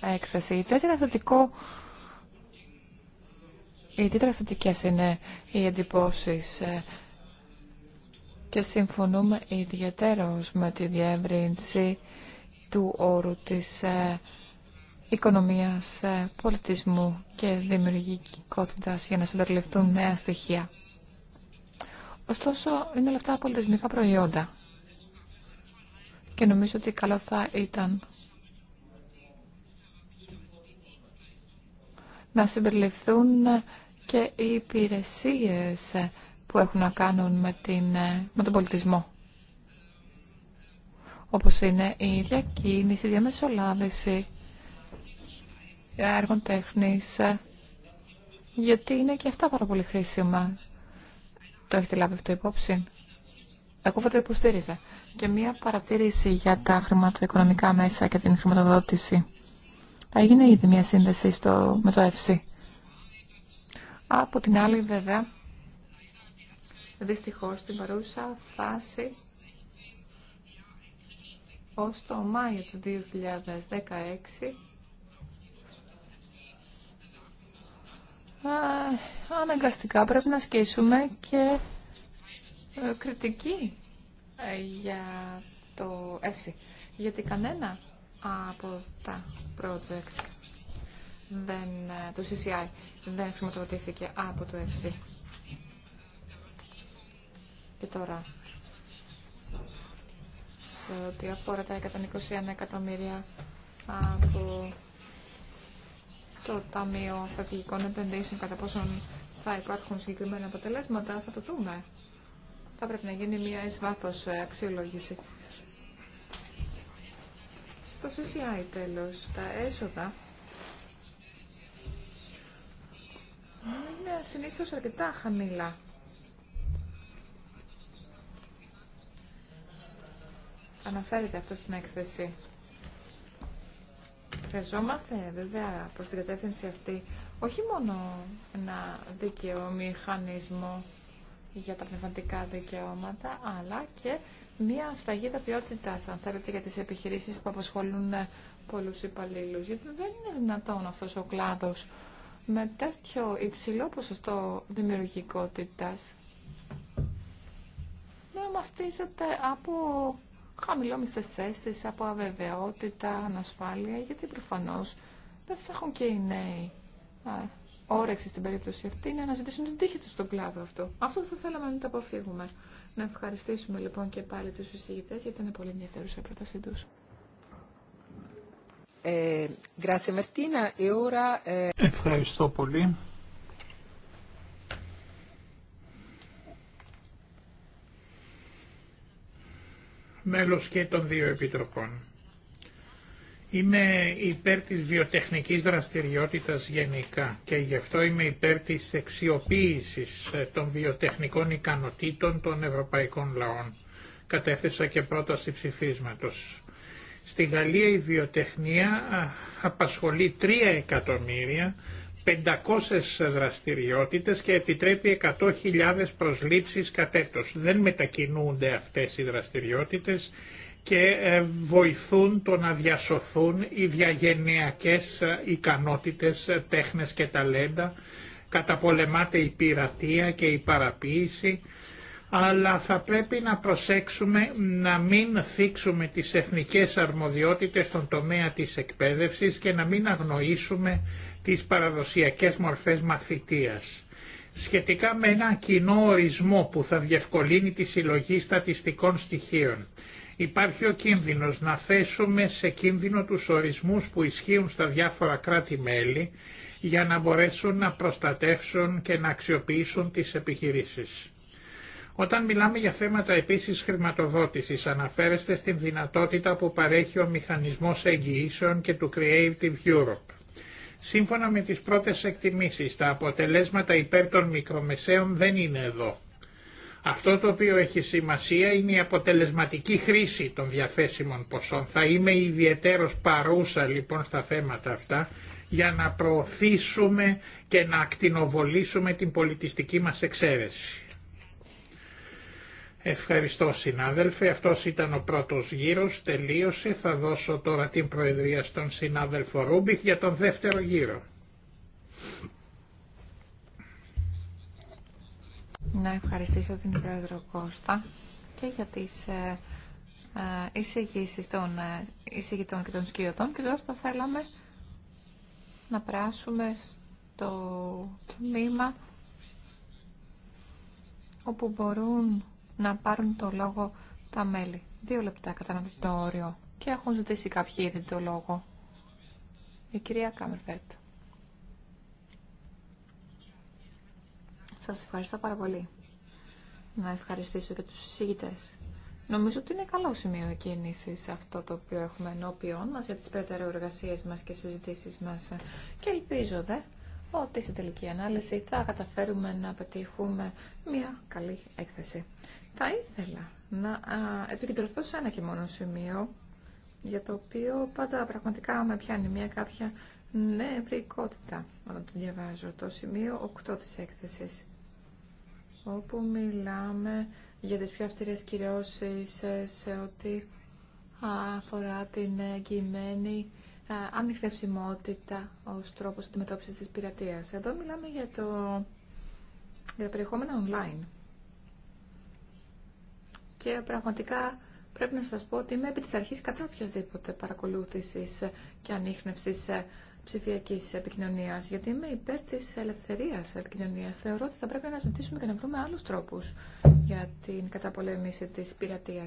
ε, έκθεση. Τέτοια θετικό... Οι είναι οι εντυπώσεις ε, και συμφωνούμε ιδιαίτερως με τη διεύρυνση του όρου της ε, οικονομίας, ε, πολιτισμού και δημιουργικότητας για να συμπεριληφθούν νέα στοιχεία. Ωστόσο, είναι όλα αυτά πολιτισμικά προϊόντα. Και νομίζω ότι καλό θα ήταν να συμπεριληφθούν και οι υπηρεσίες που έχουν να κάνουν με, την, ε, με τον πολιτισμό όπως είναι η διακίνηση, η διαμεσολάβηση έργων τέχνης, γιατί είναι και αυτά πάρα πολύ χρήσιμα. Το έχετε λάβει αυτό υπόψη. Εγώ θα το υποστήριζα. Και μία παρατήρηση για τα χρηματοοικονομικά μέσα και την χρηματοδότηση. Έγινε ήδη μία σύνδεση στο, με το ΕΦΣΥ. Από την άλλη βέβαια, δυστυχώς στην παρούσα φάση ως το Μάιο του 2016 αναγκαστικά πρέπει να σκίσουμε και ε, κριτική ε, για το ΕΦΣΙ. Γιατί κανένα από τα project δεν, ε, το CCI δεν χρηματοδοτήθηκε από το ΕΦΣΙ. Και τώρα ό,τι αφορά τα 121 εκατομμύρια από το Ταμείο Στρατηγικών Επενδύσεων, κατά πόσον θα υπάρχουν συγκεκριμένα αποτελέσματα, θα το δούμε. Θα πρέπει να γίνει μια εις βάθος αξιολόγηση. Στο CCI τέλος, τα έσοδα είναι συνήθως αρκετά χαμηλά. Αναφέρεται αυτό στην έκθεση. Χρειαζόμαστε βέβαια προς την κατεύθυνση αυτή όχι μόνο ένα δίκαιο μηχανισμό για τα πνευματικά δικαιώματα, αλλά και μια σφαγίδα ποιότητα, αν θέλετε, για τι επιχειρήσει που απασχολούν πολλού υπαλλήλου. Γιατί δεν είναι δυνατόν αυτό ο κλάδο με τέτοιο υψηλό ποσοστό δημιουργικότητα να μαστίζεται από χαμηλόμιστες θέσεις από αβεβαιότητα, ανασφάλεια, γιατί προφανώ δεν θα έχουν και οι νέοι όρεξη στην περίπτωση αυτή να αναζητήσουν την τύχη του στον κλάδο αυτό. Αυτό θα θέλαμε να το αποφύγουμε. Να ευχαριστήσουμε λοιπόν και πάλι του εισηγητές γιατί είναι πολύ ενδιαφέρουσα η πρότασή τους. Ε, e ε, Ευχαριστώ πολύ. μέλος και των δύο επιτροπών. Είμαι υπέρ της βιοτεχνικής δραστηριότητας γενικά και γι' αυτό είμαι υπέρ της εξιοποίησης ε, των βιοτεχνικών ικανοτήτων των ευρωπαϊκών λαών. Κατέθεσα και πρόταση ψηφίσματος. Στη Γαλλία η βιοτεχνία απασχολεί 3 εκατομμύρια 500 δραστηριότητες και επιτρέπει 100.000 προσλήψεις κατέτος. Δεν μετακινούνται αυτές οι δραστηριότητες και ε, βοηθούν το να διασωθούν οι διαγενειακές ε, ικανότητες, ε, τέχνες και ταλέντα. Καταπολεμάται η πειρατεία και η παραποίηση αλλά θα πρέπει να προσέξουμε να μην θίξουμε τις εθνικές αρμοδιότητες στον τομέα της εκπαίδευσης και να μην αγνοήσουμε τις παραδοσιακές μορφές μαθητείας. Σχετικά με ένα κοινό ορισμό που θα διευκολύνει τη συλλογή στατιστικών στοιχείων. Υπάρχει ο κίνδυνος να θέσουμε σε κίνδυνο τους ορισμούς που ισχύουν στα διάφορα κράτη-μέλη για να μπορέσουν να προστατεύσουν και να αξιοποιήσουν τις επιχειρήσεις. Όταν μιλάμε για θέματα επίσης χρηματοδότησης, αναφέρεστε στην δυνατότητα που παρέχει ο μηχανισμός εγγυήσεων και του Creative Europe. Σύμφωνα με τις πρώτες εκτιμήσεις, τα αποτελέσματα υπέρ των μικρομεσαίων δεν είναι εδώ. Αυτό το οποίο έχει σημασία είναι η αποτελεσματική χρήση των διαθέσιμων ποσών. Θα είμαι ιδιαίτερος παρούσα λοιπόν στα θέματα αυτά για να προωθήσουμε και να ακτινοβολήσουμε την πολιτιστική μας εξαίρεση. Ευχαριστώ συνάδελφε, αυτός ήταν ο πρώτος γύρος, τελείωσε. Θα δώσω τώρα την προεδρία στον συνάδελφο Ρούμπιχ για τον δεύτερο γύρο. Να ευχαριστήσω την Πρόεδρο Κώστα και για τις εισήγησει εισηγήσεις των ε, εισηγητών και των σκιωτών και τώρα θα θέλαμε να πράσουμε στο τμήμα όπου μπορούν να πάρουν το λόγο τα μέλη. Δύο λεπτά κατά το όριο. Και έχουν ζητήσει κάποιοι ήδη το λόγο. Η κυρία Κάμερφερτ. Σας ευχαριστώ πάρα πολύ. Να ευχαριστήσω και τους συζητητές. Νομίζω ότι είναι καλό σημείο κίνηση σε αυτό το οποίο έχουμε ενώπιον μας για τις περαιτέρω εργασίες μας και συζητήσεις μας. Και ελπίζω δε ότι στην τελική ανάλυση θα καταφέρουμε να πετύχουμε μια καλή έκθεση. Θα ήθελα να επικεντρωθώ σε ένα και μόνο σημείο, για το οποίο πάντα πραγματικά με πιάνει μια κάποια νευρικότητα όταν το διαβάζω, το σημείο 8 της έκθεσης, όπου μιλάμε για τις πιο αυστηρές κυρώσεις σε ό,τι αφορά την εγκυμένη ανιχνευσιμότητα ως τρόπος αντιμετώπισης της πειρατείας. Εδώ μιλάμε για, το, για τα περιεχόμενα online. Και πραγματικά πρέπει να σας πω ότι είμαι επί της αρχής κατά οποιασδήποτε παρακολούθησης και ανίχνευσης ψηφιακή επικοινωνία, γιατί είμαι υπέρ τη ελευθερία επικοινωνία. Θεωρώ ότι θα πρέπει να ζητήσουμε και να βρούμε άλλου τρόπου για την καταπολέμηση τη πειρατεία.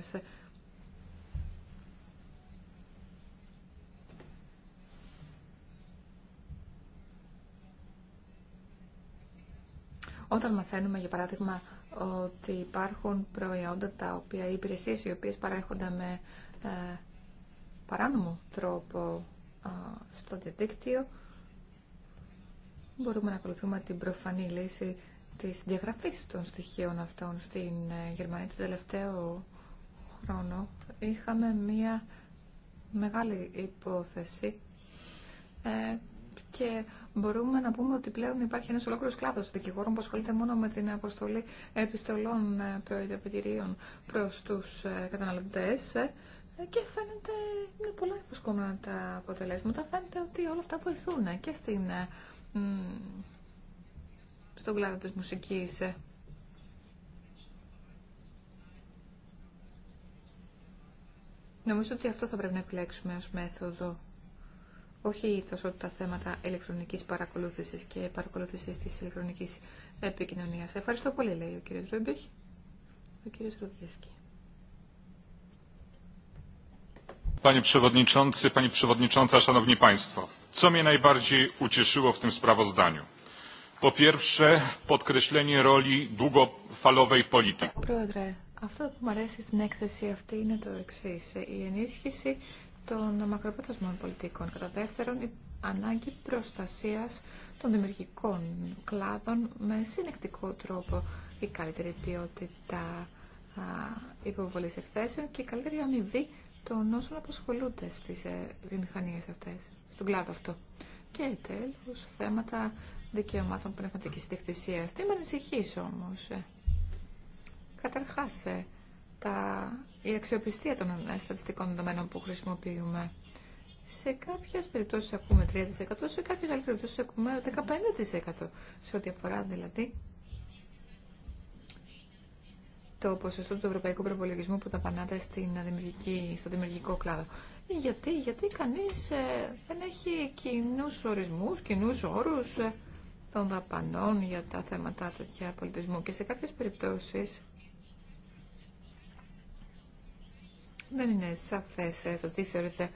Όταν μαθαίνουμε, για παράδειγμα, ότι υπάρχουν προϊόντα τα οποία οι υπηρεσίε οι οποίε παρέχονται με ε, παράνομο τρόπο στο διαδίκτυο, μπορούμε να ακολουθούμε την προφανή λύση της διαγραφή των στοιχείων αυτών στην ε, Γερμανία το τελευταίο χρόνο είχαμε μία μεγάλη υπόθεση ε, και μπορούμε να πούμε ότι πλέον υπάρχει ένα ολόκληρο κλάδο δικηγόρων που ασχολείται μόνο με την αποστολή επιστολών ε, προειδοποιητηρίων προ του ε, καταναλωτέ. Ε, και φαίνεται, είναι πολλά υποσχόμενα τα αποτελέσματα. Φαίνεται ότι όλα αυτά βοηθούν και στην, στον κλάδο της μουσικής. Νομίζω ότι αυτό θα πρέπει να επιλέξουμε ως μέθοδο όχι τόσο τα θέματα ηλεκτρονικής παρακολούθησης και παρακολούθησης της ηλεκτρονικής επικοινωνίας. Ευχαριστώ πολύ, λέει ο κύριος Ρούμπιχ. Ο κύριος Panie Przewodniczący, Pani Przewodnicząca, Szanowni Państwo. Co mnie najbardziej ucieszyło w tym sprawozdaniu? Po pierwsze, podkreślenie roli długofalowej polityki. Αυτό που μου στην έκθεση αυτή είναι το των μακροπρόθεσμων πολιτικών. Κατά δεύτερον, η ανάγκη προστασίας των δημιουργικών κλάδων με συνεκτικό τρόπο η καλύτερη ποιότητα υποβολής εκθέσεων και η καλύτερη αμοιβή των όσων απασχολούνται στις ε, βιομηχανίες αυτές, στον κλάδο αυτό. Και τέλος, θέματα δικαιωμάτων πνευματικής ιδιοκτησίας. Τι με ανησυχείς όμως. Ε? Καταρχάς, ε, τα, η αξιοπιστία των στατιστικών δεδομένων που χρησιμοποιούμε. Σε κάποιες περιπτώσεις ακούμε 3%, σε κάποιες άλλες περιπτώσεις ακούμε 15% σε ό,τι αφορά δηλαδή το ποσοστό του ευρωπαϊκού προπολογισμού που δαπανάται στην δημιουργική, στο δημιουργικό κλάδο. Γιατί, γιατί κανείς ε, δεν έχει κοινού ορισμούς, κοινού όρους ε, των δαπανών για τα θέματα τέτοια πολιτισμού και σε κάποιες περιπτώσεις δεν είναι σαφές το τι θεωρείται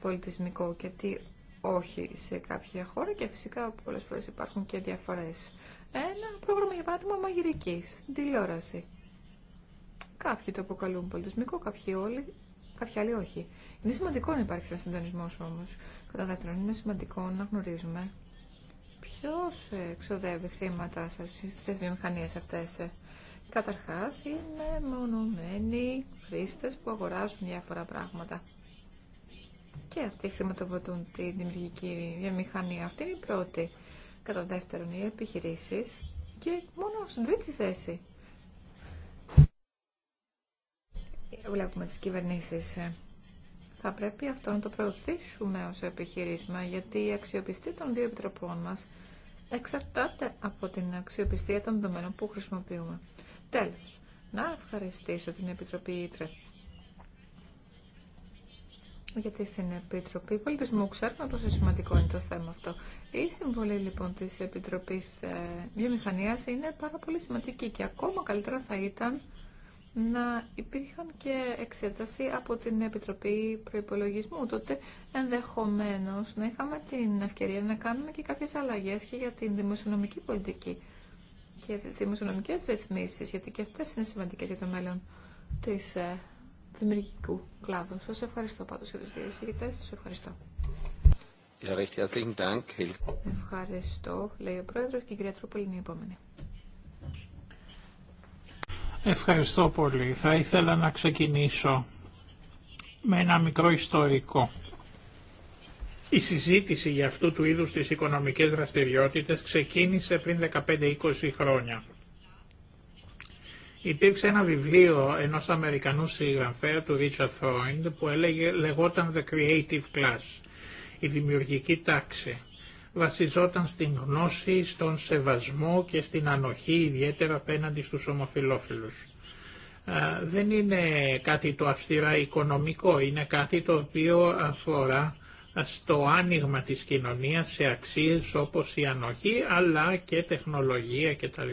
πολιτισμικό και τι όχι σε κάποια χώρα και φυσικά πολλές φορές υπάρχουν και διαφορές. Ένα πρόγραμμα για παράδειγμα μαγειρική στην τηλεόραση. Κάποιοι το αποκαλούν πολιτισμικό, κάποιοι όλοι, κάποιοι άλλοι όχι. Είναι σημαντικό να υπάρχει ένα συντονισμό όμω. Κατά δεύτερον, είναι σημαντικό να γνωρίζουμε ποιο εξοδεύει χρήματα στι βιομηχανίε αυτέ. Καταρχάς είναι μονομένοι χρήστες που αγοράζουν διάφορα πράγματα. Και αυτοί χρηματοδοτούν τη δημιουργική βιομηχανία. Αυτή είναι η πρώτη. Κατά δεύτερον, οι επιχειρήσεις και μόνο στην τρίτη θέση. Βλέπουμε τις κυβερνήσεις. Θα πρέπει αυτό να το προωθήσουμε ως επιχειρήσμα, γιατί η αξιοπιστή των δύο επιτροπών μας εξαρτάται από την αξιοπιστία των δεδομένων που χρησιμοποιούμε. Τέλος, να ευχαριστήσω την Επιτροπή Ήτρε. Γιατί στην Επιτροπή Πολιτισμού ξέρουμε πόσο σημαντικό είναι το θέμα αυτό. Η συμβολή λοιπόν της Επιτροπής ε, Βιομηχανίας είναι πάρα πολύ σημαντική και ακόμα καλύτερα θα ήταν να υπήρχαν και εξέταση από την Επιτροπή Προϋπολογισμού. Τότε ενδεχομένως να είχαμε την ευκαιρία να κάνουμε και κάποιες αλλαγές και για την δημοσιονομική πολιτική και δημοσιονομικέ ρυθμίσει, γιατί και αυτέ είναι σημαντικέ για το μέλλον της ε, δημιουργικού κλάδου. Σα ευχαριστώ πάντως για του δύο εισηγητές. Σας ευχαριστώ. Ευχαριστώ, λέει ο Πρόεδρος και η κυρία Τρούπολη επόμενη. Ευχαριστώ πολύ. Θα ήθελα να ξεκινήσω με ένα μικρό ιστορικό. Η συζήτηση για αυτού του είδους τις οικονομικές δραστηριότητες ξεκίνησε πριν 15-20 χρόνια. Υπήρξε ένα βιβλίο ενός Αμερικανού συγγραφέα του Richard Freund που έλεγε, λεγόταν The Creative Class, η δημιουργική τάξη. Βασιζόταν στην γνώση, στον σεβασμό και στην ανοχή ιδιαίτερα απέναντι στους ομοφιλόφιλους. Ε, δεν είναι κάτι το αυστηρά οικονομικό, είναι κάτι το οποίο αφορά στο άνοιγμα της κοινωνίας σε αξίες όπως η ανοχή αλλά και τεχνολογία κτλ.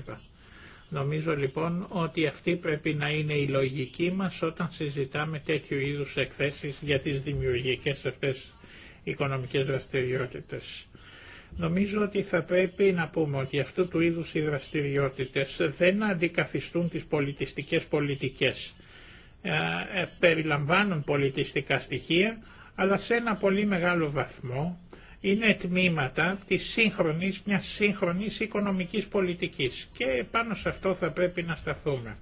Νομίζω λοιπόν ότι αυτή πρέπει να είναι η λογική μας όταν συζητάμε τέτοιου είδους εκθέσεις για τις δημιουργικές αυτές οικονομικές δραστηριότητες. Νομίζω ότι θα πρέπει να πούμε ότι αυτού του είδους οι δραστηριότητες δεν αντικαθιστούν τις πολιτιστικές πολιτικές. Ε, ε, περιλαμβάνουν πολιτιστικά στοιχεία, αλλά σε ένα πολύ μεγάλο βαθμό είναι τμήματα της σύγχρονης, μιας σύγχρονης οικονομικής πολιτικής και πάνω σε αυτό θα πρέπει να σταθούμε.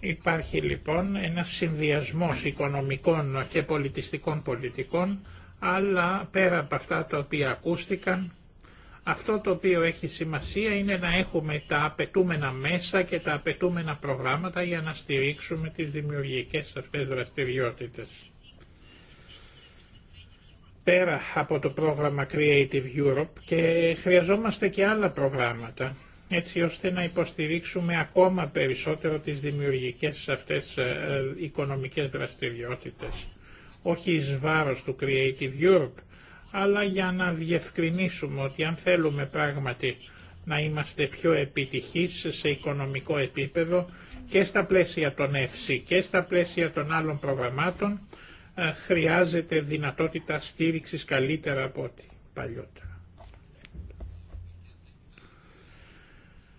Υπάρχει λοιπόν ένα συνδυασμός οικονομικών και πολιτιστικών πολιτικών, αλλά πέρα από αυτά τα οποία ακούστηκαν, αυτό το οποίο έχει σημασία είναι να έχουμε τα απαιτούμενα μέσα και τα απαιτούμενα προγράμματα για να στηρίξουμε τις δημιουργικές αυτές δραστηριότητες πέρα από το πρόγραμμα Creative Europe και χρειαζόμαστε και άλλα προγράμματα έτσι ώστε να υποστηρίξουμε ακόμα περισσότερο τις δημιουργικές αυτές ε, οικονομικές δραστηριότητες. Όχι εις βάρος του Creative Europe, αλλά για να διευκρινίσουμε ότι αν θέλουμε πράγματι να είμαστε πιο επιτυχείς σε οικονομικό επίπεδο και στα πλαίσια των ΕΦΣΥ και στα πλαίσια των άλλων προγραμμάτων, χρειάζεται δυνατότητα στήριξης καλύτερα από ό,τι παλιότερα.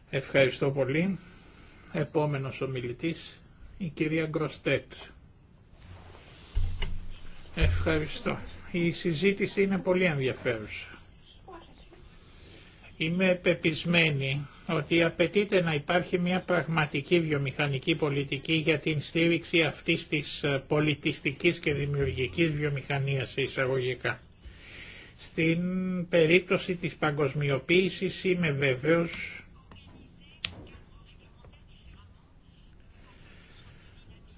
Ευχαριστώ πολύ. Επόμενος ομιλητής, η κυρία Γκροστέτ. Ευχαριστώ. Η συζήτηση είναι πολύ ενδιαφέρουσα. Είμαι πεπισμένη ότι απαιτείται να υπάρχει μια πραγματική βιομηχανική πολιτική για την στήριξη αυτής της ε, πολιτιστικής και δημιουργικής βιομηχανίας εισαγωγικά. Στην περίπτωση της παγκοσμιοποίησης είμαι βέβαιος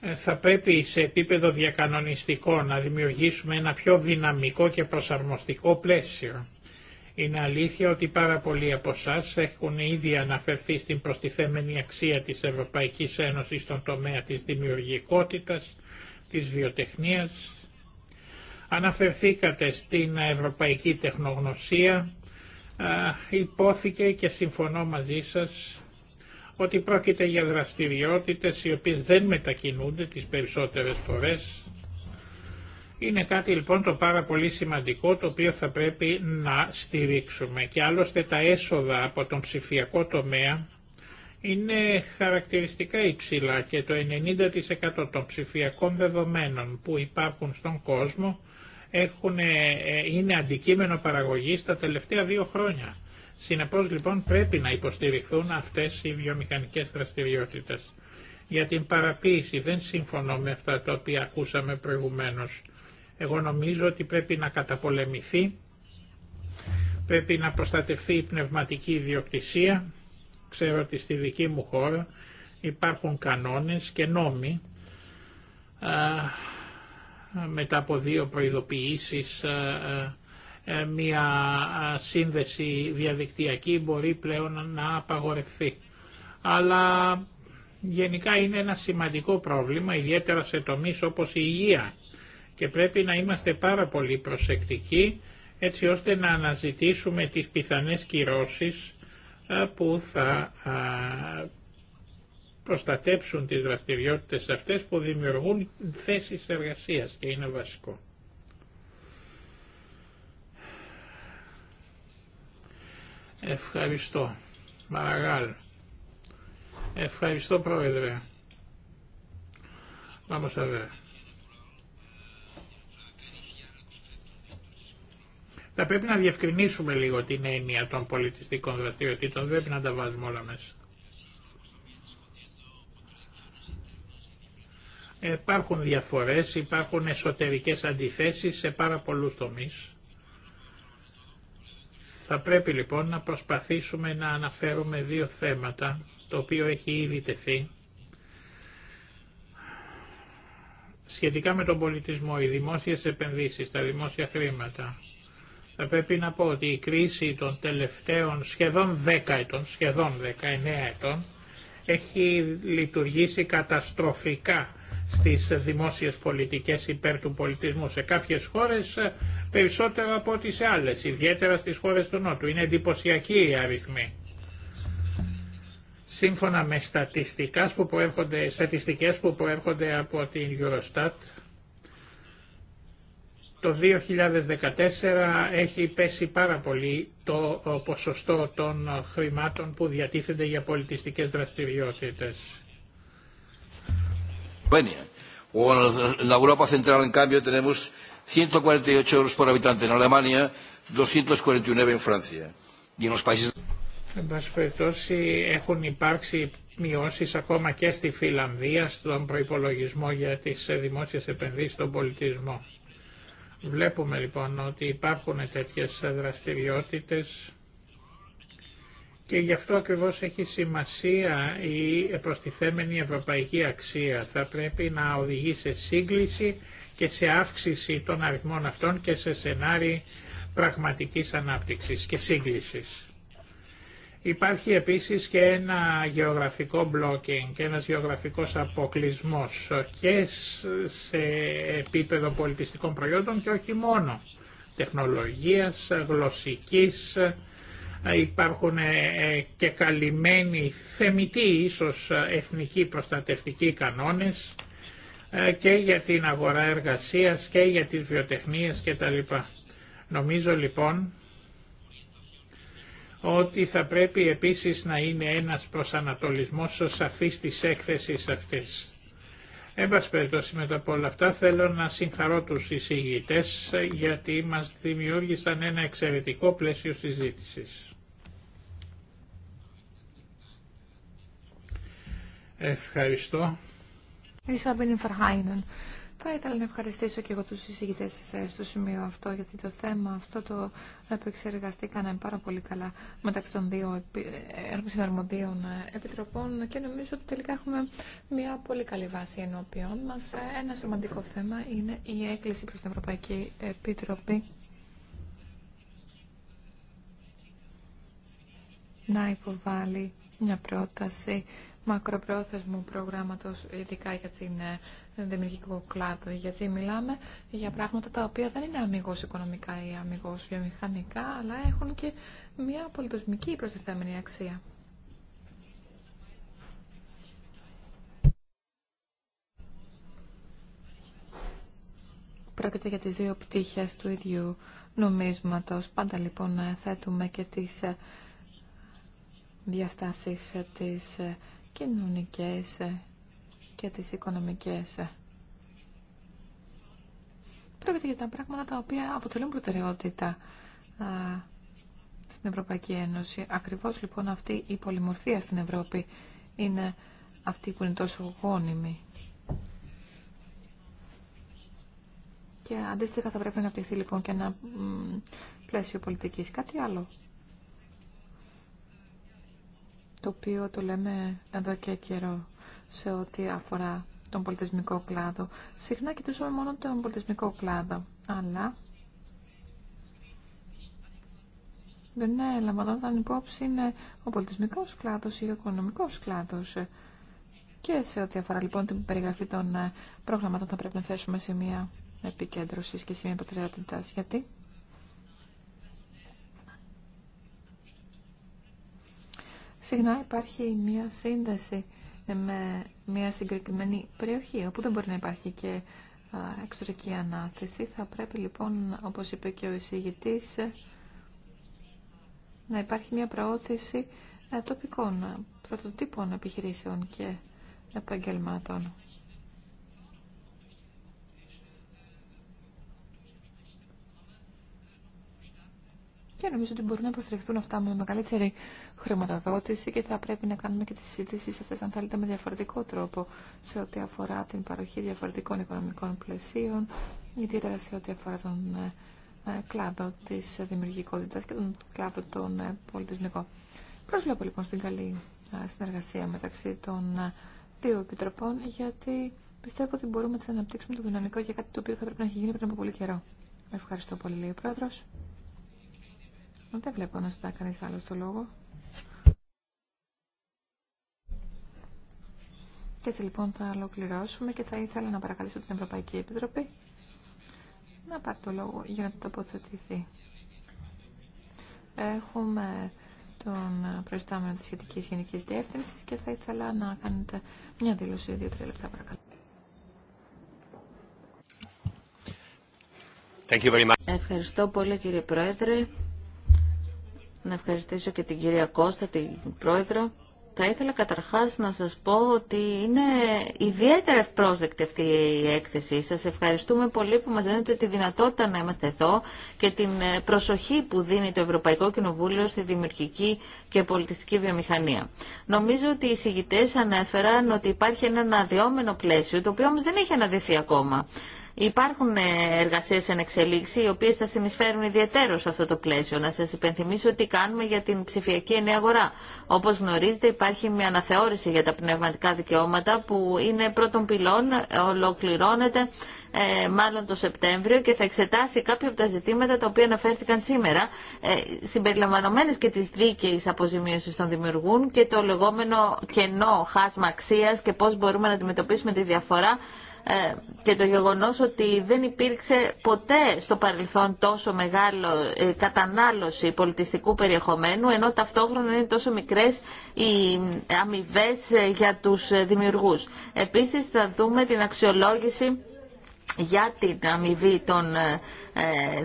ε, θα πρέπει σε επίπεδο διακανονιστικό να δημιουργήσουμε ένα πιο δυναμικό και προσαρμοστικό πλαίσιο είναι αλήθεια ότι πάρα πολλοί από εσά έχουν ήδη αναφερθεί στην προστιθέμενη αξία της Ευρωπαϊκής Ένωση στον τομέα της δημιουργικότητας, της βιοτεχνίας. Αναφερθήκατε στην ευρωπαϊκή τεχνογνωσία. Υπόθηκε και συμφωνώ μαζί σας ότι πρόκειται για δραστηριότητες οι οποίες δεν μετακινούνται τις περισσότερες φορές είναι κάτι λοιπόν το πάρα πολύ σημαντικό το οποίο θα πρέπει να στηρίξουμε και άλλωστε τα έσοδα από τον ψηφιακό τομέα είναι χαρακτηριστικά υψηλά και το 90% των ψηφιακών δεδομένων που υπάρχουν στον κόσμο έχουν, ε, είναι αντικείμενο παραγωγής τα τελευταία δύο χρόνια. Συνεπώς λοιπόν πρέπει να υποστηριχθούν αυτές οι βιομηχανικές δραστηριότητες. Για την παραποίηση δεν συμφωνώ με αυτά τα οποία ακούσαμε προηγουμένως. Εγώ νομίζω ότι πρέπει να καταπολεμηθεί, πρέπει να προστατευτεί η πνευματική ιδιοκτησία. Ξέρω ότι στη δική μου χώρα υπάρχουν κανόνες και νόμοι μετά από δύο προειδοποιήσεις μια ε, σύνδεση διαδικτυακή μπορεί πλέον να απαγορευτεί. Αλλά γενικά είναι ένα σημαντικό πρόβλημα, ιδιαίτερα σε τομείς όπως η υγεία και πρέπει να είμαστε πάρα πολύ προσεκτικοί έτσι ώστε να αναζητήσουμε τις πιθανές κυρώσεις που θα προστατέψουν τις δραστηριότητες αυτές που δημιουργούν θέσεις εργασίας και είναι βασικό. Ευχαριστώ. Μαραγάλ. Ευχαριστώ πρόεδρε. Vamos a Θα πρέπει να διευκρινίσουμε λίγο την έννοια των πολιτιστικών δραστηριοτήτων, δεν πρέπει να τα βάζουμε όλα μέσα. Υπάρχουν διαφορές, υπάρχουν εσωτερικές αντιθέσεις σε πάρα πολλούς τομείς. Θα πρέπει λοιπόν να προσπαθήσουμε να αναφέρουμε δύο θέματα, το οποίο έχει ήδη τεθεί. Σχετικά με τον πολιτισμό, οι δημόσιες επενδύσεις, τα δημόσια χρήματα, θα ε, πρέπει να πω ότι η κρίση των τελευταίων σχεδόν 10 ετών, σχεδόν 19 ετών, έχει λειτουργήσει καταστροφικά στις δημόσιες πολιτικές υπέρ του πολιτισμού σε κάποιες χώρες ε, περισσότερο από ό,τι σε άλλες, ιδιαίτερα στις χώρες του Νότου. Είναι εντυπωσιακή η αριθμή. Σύμφωνα με στατιστικές που προέρχονται, στατιστικές που προέρχονται από την Eurostat, το 2014 έχει πέσει πάρα πολύ το ποσοστό των χρημάτων που διατίθενται για πολιτιστικές δραστηριότητες. O en la Europa Central, en cambio, tenemos 148 euros por habitante en Alemania, 249 en Francia. Y en los países... Εν πάση περιπτώσει έχουν υπάρξει μειώσει ακόμα και στη Φιλανδία στον προπολογισμό για τι δημόσιε επενδύσει στον πολιτισμό. Βλέπουμε λοιπόν ότι υπάρχουν τέτοιες δραστηριότητες και γι' αυτό ακριβώς έχει σημασία η προστιθέμενη ευρωπαϊκή αξία. Θα πρέπει να οδηγεί σε σύγκληση και σε αύξηση των αριθμών αυτών και σε σενάρι πραγματικής ανάπτυξης και σύγκλησης. Υπάρχει επίσης και ένα γεωγραφικό blocking και ένας γεωγραφικός αποκλεισμός και σε επίπεδο πολιτιστικών προϊόντων και όχι μόνο τεχνολογίας, γλωσσικής, υπάρχουν ε, και καλυμμένοι θεμητοί ίσως εθνικοί προστατευτικοί κανόνες ε, και για την αγορά εργασίας και για τις βιοτεχνίες κτλ. Νομίζω λοιπόν ότι θα πρέπει επίσης να είναι ένας προσανατολισμός ως σαφής της έκθεσης αυτής. Εν πάση μετά από όλα αυτά θέλω να συγχαρώ τους εισηγητές γιατί μας δημιούργησαν ένα εξαιρετικό πλαίσιο συζήτησης. Ευχαριστώ. Θα ήθελα να ευχαριστήσω και εγώ τους συζητητές στο σημείο αυτό, γιατί το θέμα αυτό το επεξεργαστήκαμε πάρα πολύ καλά μεταξύ των δύο συναρμοδίων επιτροπών και νομίζω ότι τελικά έχουμε μια πολύ καλή βάση ενώπιον μας. Ένα σημαντικό θέμα είναι η έκκληση προς την Ευρωπαϊκή Επιτροπή να υποβάλει μια πρόταση μακροπρόθεσμου προγράμματος, ειδικά για την ε, δημιουργικό κλάδο, γιατί μιλάμε για πράγματα τα οποία δεν είναι αμυγός οικονομικά ή αμυγός βιομηχανικά, αλλά έχουν και μια πολιτοσμική προστιθέμενη αξία. Πρόκειται για τις δύο πτύχες του ίδιου νομίσματος. Πάντα λοιπόν ε, θέτουμε και τις ε, διαστάσεις της κοινωνικές ε, και τις οικονομικές. Ε. Πρέπει για τα πράγματα τα οποία αποτελούν προτεραιότητα στην Ευρωπαϊκή Ένωση. Ακριβώς λοιπόν αυτή η πολυμορφία στην Ευρώπη είναι αυτή που είναι τόσο γόνιμη. Και αντίστοιχα θα πρέπει να απτυχθεί λοιπόν και ένα πλαίσιο πολιτικής. Κάτι άλλο το οποίο το λέμε εδώ και καιρό σε ό,τι αφορά τον πολιτισμικό κλάδο. Συχνά κοιτούσαμε μόνο τον πολιτισμικό κλάδο, αλλά δεν είναι λαμβανόταν υπόψη είναι ο πολιτισμικός κλάδος ή ο οικονομικός κλάδος. Και σε ό,τι αφορά λοιπόν την περιγραφή των ε, προγραμμάτων θα πρέπει να θέσουμε σημεία επικέντρωσης και σημεία προτεραιότητας. Γιατί συχνά υπάρχει μια σύνδεση με μια συγκεκριμένη περιοχή, όπου δεν μπορεί να υπάρχει και εξωτερική ανάθεση. Θα πρέπει λοιπόν, όπως είπε και ο εισηγητής, να υπάρχει μια προώθηση ε, τοπικών ε, πρωτοτύπων επιχειρήσεων και επαγγελμάτων. Και νομίζω ότι μπορούν να υποστηριχθούν αυτά με μεγαλύτερη χρηματοδότηση και θα πρέπει να κάνουμε και τι συζητήσει αυτέ αν θέλετε, με διαφορετικό τρόπο σε ό,τι αφορά την παροχή διαφορετικών οικονομικών πλαισίων, ιδιαίτερα σε ό,τι αφορά τον ε, ε, κλάδο τη δημιουργικότητα και τον κλάδο των ε, πολιτισμικών. Προσβλέπω λοιπόν στην καλή συνεργασία μεταξύ των δύο επιτροπών, γιατί πιστεύω ότι μπορούμε να αναπτύξουμε το δυναμικό για κάτι το οποίο θα πρέπει να έχει γίνει πριν από πολύ καιρό. Ευχαριστώ πολύ, ο δεν βλέπω να ζητά κανεί άλλο το λόγο. Και έτσι λοιπόν θα ολοκληρώσουμε και θα ήθελα να παρακαλέσω την Ευρωπαϊκή Επιτροπή να πάρει το λόγο για να τοποθετηθεί. Έχουμε τον προϊστάμενο της σχετικής γενικής διεύθυνσης και θα ήθελα να κάνετε μια δήλωση δύο-τρία λεπτά παρακαλώ. Thank you very much. Ευχαριστώ πολύ κύριε Πρόεδρε να ευχαριστήσω και την κυρία Κώστα, την πρόεδρο. Θα ήθελα καταρχάς να σας πω ότι είναι ιδιαίτερα ευπρόσδεκτη αυτή η έκθεση. Σας ευχαριστούμε πολύ που μας δίνετε τη δυνατότητα να είμαστε εδώ και την ε, προσοχή που δίνει το Ευρωπαϊκό Κοινοβούλιο στη δημιουργική και πολιτιστική βιομηχανία. Νομίζω ότι οι συγητές ανέφεραν ότι υπάρχει ένα αναδυόμενο πλαίσιο, το οποίο όμως δεν έχει αναδυθεί ακόμα. Υπάρχουν ε, εργασίες εν εξελίξη, οι οποίες θα συνεισφέρουν ιδιαίτερο σε αυτό το πλαίσιο. Να σας υπενθυμίσω τι κάνουμε για την ψηφιακή ενέα αγορά. Όπως γνωρίζετε υπάρχει μια αναθεώρηση για τα πνευματικά δικαιώματα που είναι πρώτων πυλών, ολοκληρώνεται ε, μάλλον το Σεπτέμβριο και θα εξετάσει κάποια από τα ζητήματα τα οποία αναφέρθηκαν σήμερα, ε, συμπεριλαμβανομένες και της δίκαιης αποζημίωσης των δημιουργούν και το λεγόμενο κενό χάσμα αξίας και πώς μπορούμε να αντιμετωπίσουμε τη διαφορά ε, και το γεγονός ότι δεν υπήρξε ποτέ στο παρελθόν τόσο μεγάλο ε, κατανάλωση πολιτιστικού περιεχομένου ενώ ταυτόχρονα είναι τόσο μικρές οι αμοιβέ ε, για τους δημιουργούς. Επίσης θα δούμε την αξιολόγηση για την αμοιβή των ε,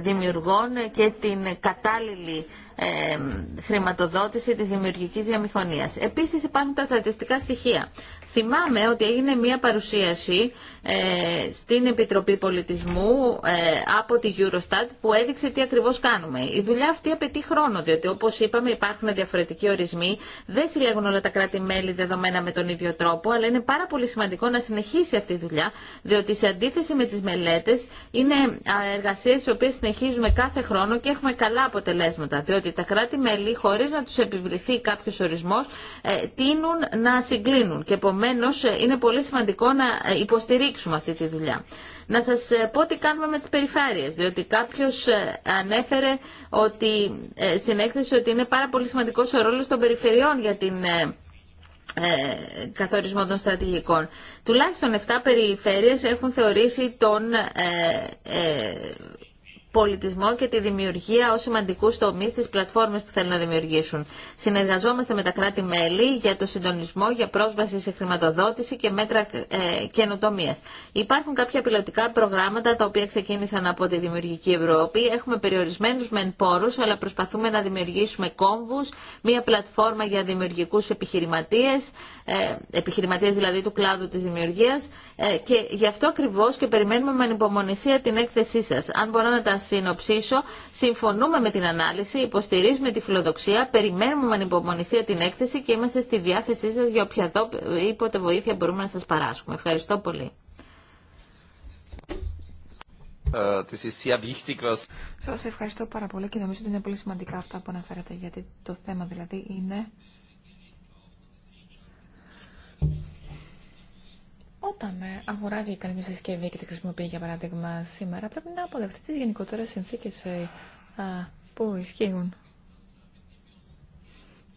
δημιουργών και την κατάλληλη ε, χρηματοδότηση της δημιουργικής διαμηχανίας. Επίσης υπάρχουν τα στατιστικά στοιχεία. Θυμάμαι ότι έγινε μία παρουσίαση ε, στην Επιτροπή Πολιτισμού από τη Eurostat που έδειξε τι ακριβώς κάνουμε. Η δουλειά αυτή απαιτεί χρόνο, διότι όπως είπαμε υπάρχουν διαφορετικοί ορισμοί, δεν συλλέγουν όλα τα κράτη-μέλη δεδομένα με τον ίδιο τρόπο, αλλά είναι πάρα πολύ σημαντικό να συνεχίσει αυτή η δουλειά, διότι σε αντίθεση με τις μελέτες είναι εργασίες οι οποίες συνεχίζουμε κάθε χρόνο και έχουμε καλά αποτελέσματα, διότι τα κράτη-μέλη χωρί να τους επιβληθεί κάποιος ορισμός ε, τείνουν να συγκλίνουν και επομένω, ε, είναι πολύ σημαντικό να ε, υποστηρίξουμε αυτή τη δουλειά. Να σας πω τι κάνουμε με τις περιφέρειες, διότι κάποιο ανέφερε ότι, στην έκθεση ότι είναι πάρα πολύ σημαντικό ο ρόλο των περιφερειών για την ε, καθορισμό των στρατηγικών. Τουλάχιστον 7 περιφέρειες έχουν θεωρήσει τον ε, ε πολιτισμό και τη δημιουργία ως σημαντικού τομεί στις πλατφόρμες που θέλουν να δημιουργήσουν. Συνεργαζόμαστε με τα κράτη-μέλη για το συντονισμό, για πρόσβαση σε χρηματοδότηση και μέτρα ε, καινοτομία. Υπάρχουν κάποια πιλωτικά προγράμματα τα οποία ξεκίνησαν από τη Δημιουργική Ευρώπη. Έχουμε περιορισμένους μεν πόρους, αλλά προσπαθούμε να δημιουργήσουμε κόμβους, μία πλατφόρμα για δημιουργικούς επιχειρηματίες, ε, επιχειρηματίες δηλαδή του κλάδου της δημιουργίας, ε, και γι' αυτό ακριβώ και περιμένουμε με ανυπομονησία την έκθεσή σα. Αν μπορώ να τα συνοψίσω, συμφωνούμε με την ανάλυση, υποστηρίζουμε τη φιλοδοξία, περιμένουμε με ανυπομονησία την έκθεση και είμαστε στη διάθεσή σα για οποιαδήποτε βοήθεια μπορούμε να σα παράσχουμε. Ευχαριστώ πολύ. Ε, σα ευχαριστώ πάρα πολύ και νομίζω ότι είναι πολύ σημαντικά αυτά που αναφέρατε γιατί το θέμα δηλαδή είναι όταν ε, αγοράζει κανεί μια συσκευή και τη χρησιμοποιεί, για παράδειγμα, σήμερα, πρέπει να αποδεχτεί τι γενικότερε συνθήκε ε, που ισχύουν.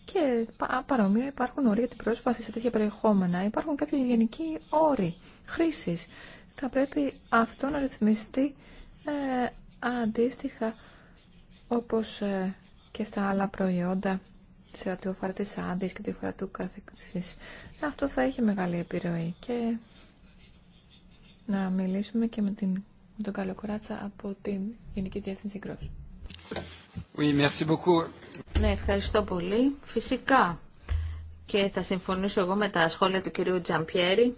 Και παρόμοια υπάρχουν όρια για την πρόσβαση σε τέτοια περιεχόμενα. Υπάρχουν κάποιοι γενικοί όροι χρήση. Θα πρέπει αυτό να ρυθμιστεί ε, αντίστοιχα όπω ε, και στα άλλα προϊόντα σε ό,τι αφορά τις άντρε και ό,τι αφορά του καθεξής. Αυτό θα έχει μεγάλη επιρροή και να μιλήσουμε και με, την, με τον Κάλο Κουράτσα από την Γενική Διεύθυνση Κρός. Oui, merci beaucoup. Ναι, ευχαριστώ πολύ. Φυσικά και θα συμφωνήσω εγώ με τα σχόλια του κυρίου Τζαμπιέρη.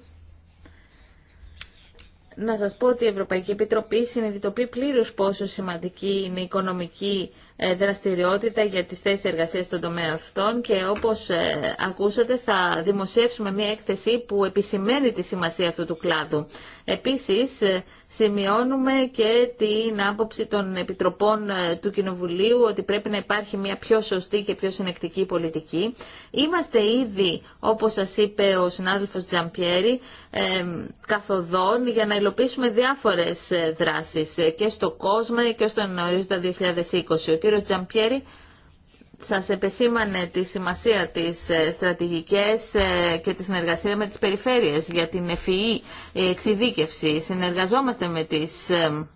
Να σας πω ότι η Ευρωπαϊκή Επιτροπή συνειδητοποιεί πλήρως πόσο σημαντική είναι η οικονομική ε, δραστηριότητα για τις θέσεις εργασίας στον τομέα αυτών και όπως ε, ακούσατε θα δημοσιεύσουμε μια έκθεση που επισημαίνει τη σημασία αυτού του κλάδου. Επίσης, ε, σημειώνουμε και την άποψη των επιτροπών ε, του Κοινοβουλίου ότι πρέπει να υπάρχει μια πιο σωστή και πιο συνεκτική πολιτική. Είμαστε ήδη, όπως σας είπε ο συνάδελφος Τζαμπιέρη, ε, καθοδόν για να υλοποιήσουμε διάφορες ε, δράσεις και στο κόσμο και στον ορίζοντα 2020. Ο κύριος Τζαμπιέρη σας επεσήμανε τη σημασία της ε, στρατηγικές ε, και της συνεργασία με τις περιφέρειες για την ευφυή e e, εξειδίκευση. Συνεργαζόμαστε με τις ε,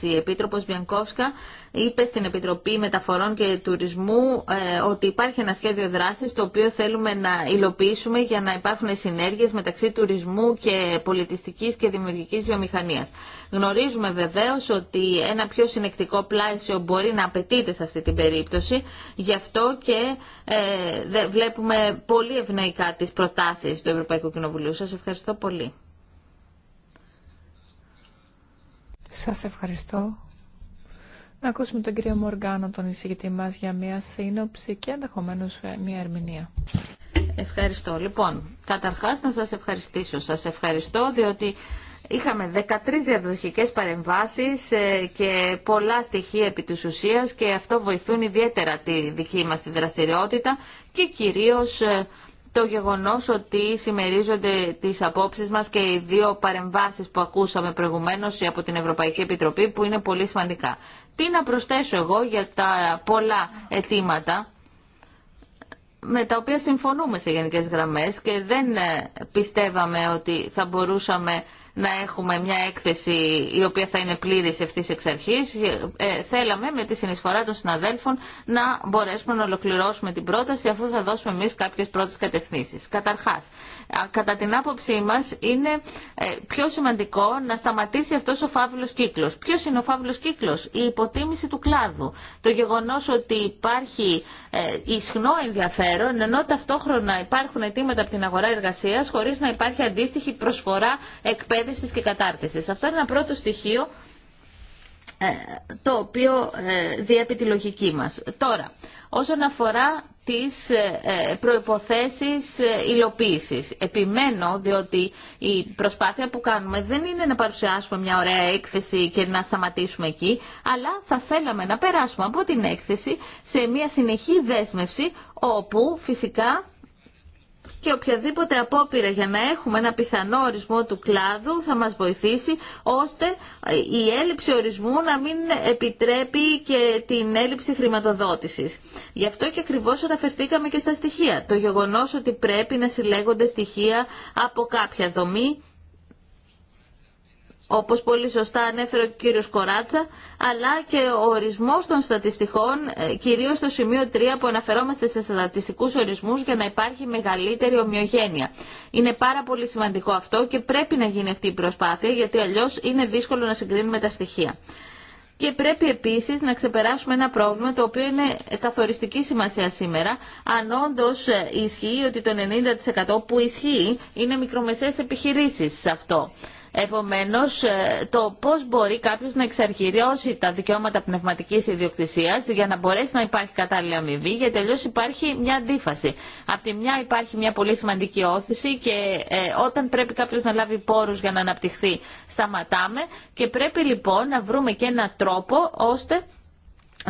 η Επίτροπος Μιανκόφσκα είπε στην Επιτροπή Μεταφορών και Τουρισμού ε, ότι υπάρχει ένα σχέδιο δράσης το οποίο θέλουμε να υλοποιήσουμε για να υπάρχουν συνέργειες μεταξύ τουρισμού και πολιτιστικής και δημιουργικής βιομηχανίας. Γνωρίζουμε βεβαίως ότι ένα πιο συνεκτικό πλάσιο μπορεί να απαιτείται σε αυτή την περίπτωση, γι' αυτό και ε, βλέπουμε πολύ ευνοϊκά τις προτάσεις του Ευρωπαϊκού Κοινοβουλίου. Σας ευχαριστώ πολύ. Σας ευχαριστώ. Να ακούσουμε τον κύριο Μοργάνο, τον εισηγητή μας, για μια σύνοψη και ενδεχομένω ε, μια ερμηνεία. Ευχαριστώ. Λοιπόν, καταρχάς να σας ευχαριστήσω. Σας ευχαριστώ διότι είχαμε 13 διαδοχικές παρεμβάσεις ε, και πολλά στοιχεία επί της ουσίας και αυτό βοηθούν ιδιαίτερα τη δική μας δραστηριότητα και κυρίως ε, το γεγονός ότι συμμερίζονται τις απόψεις μας και οι δύο παρεμβάσεις που ακούσαμε προηγουμένως από την Ευρωπαϊκή Επιτροπή που είναι πολύ σημαντικά. Τι να προσθέσω εγώ για τα πολλά αιτήματα με τα οποία συμφωνούμε σε γενικές γραμμές και δεν ε, πιστεύαμε ότι θα μπορούσαμε να έχουμε μια έκθεση η οποία θα είναι πλήρης ευθύς εξ αρχής. Ε, θέλαμε με τη συνεισφορά των συναδέλφων να μπορέσουμε να ολοκληρώσουμε την πρόταση αφού θα δώσουμε εμείς κάποιες πρώτες κατευθύνσεις. Καταρχάς, κατά την άποψή μας είναι ε, πιο σημαντικό να σταματήσει αυτός ο φαύλος κύκλος. Ποιος είναι ο φαύλος κύκλος? Η υποτίμηση του κλάδου. Το γεγονός ότι υπάρχει ε, ισχνό ενδιαφέρον ενώ ταυτόχρονα υπάρχουν αιτήματα από την αγορά εργασίας χωρίς να υπάρχει αντίστοιχη προσφορά εκπαίδευση και κατάρτιση. Αυτό είναι ένα πρώτο στοιχείο ε, το οποίο ε, διέπει τη λογική μας. Τώρα, όσον αφορά τις ε, προϋποθέσεις υλοποίησης. Επιμένω διότι η προσπάθεια που κάνουμε δεν είναι να παρουσιάσουμε μια ωραία έκθεση και να σταματήσουμε εκεί, αλλά θα θέλαμε να περάσουμε από την έκθεση σε μια συνεχή δέσμευση όπου φυσικά και οποιαδήποτε απόπειρα για να έχουμε ένα πιθανό ορισμό του κλάδου θα μας βοηθήσει ώστε η έλλειψη ορισμού να μην επιτρέπει και την έλλειψη χρηματοδότησης. Γι' αυτό και ακριβώς αναφερθήκαμε και στα στοιχεία. Το γεγονός ότι πρέπει να συλλέγονται στοιχεία από κάποια δομή όπως πολύ σωστά ανέφερε ο κύριος Κοράτσα, αλλά και ο ορισμός των στατιστικών, ε, κυρίως στο σημείο 3 που αναφερόμαστε σε στατιστικούς ορισμούς για να υπάρχει μεγαλύτερη ομοιογένεια. Είναι πάρα πολύ σημαντικό αυτό και πρέπει να γίνει αυτή η προσπάθεια, γιατί αλλιώς είναι δύσκολο να συγκρίνουμε τα στοιχεία. Και πρέπει επίσης να ξεπεράσουμε ένα πρόβλημα το οποίο είναι καθοριστική σημασία σήμερα. Αν όντω ε, ισχύει ότι το 90% που ισχύει είναι μικρομεσαίες επιχειρήσεις σε αυτό. Επομένως, ε, το πώς μπορεί κάποιος να εξαρχηριώσει τα δικαιώματα πνευματικής ιδιοκτησίας για να μπορέσει να υπάρχει κατάλληλη αμοιβή, γιατί αλλιώ υπάρχει μια αντίφαση. Απ' τη μια υπάρχει μια πολύ σημαντική όθηση και ε, όταν πρέπει κάποιο να λάβει πόρους για να αναπτυχθεί, σταματάμε και πρέπει λοιπόν να βρούμε και έναν τρόπο ώστε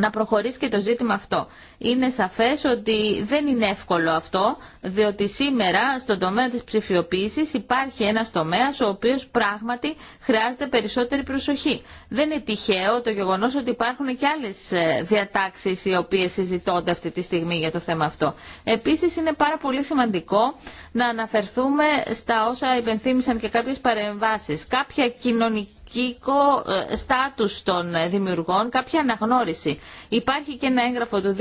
να προχωρήσει και το ζήτημα αυτό. Είναι σαφές ότι δεν είναι εύκολο αυτό, διότι σήμερα στον τομέα της ψηφιοποίησης υπάρχει ένας τομέας ο οποίος πράγματι χρειάζεται περισσότερη προσοχή. Δεν είναι τυχαίο το γεγονός ότι υπάρχουν και άλλες ε, διατάξεις οι οποίες συζητώνται αυτή τη στιγμή για το θέμα αυτό. Επίσης είναι πάρα πολύ σημαντικό να αναφερθούμε στα όσα υπενθύμησαν και κάποιες παρεμβάσεις. Κάποια κοινωνική Στάτου ε, στάτους των ε, δημιουργών, κάποια αναγνώριση. Υπάρχει και ένα έγγραφο του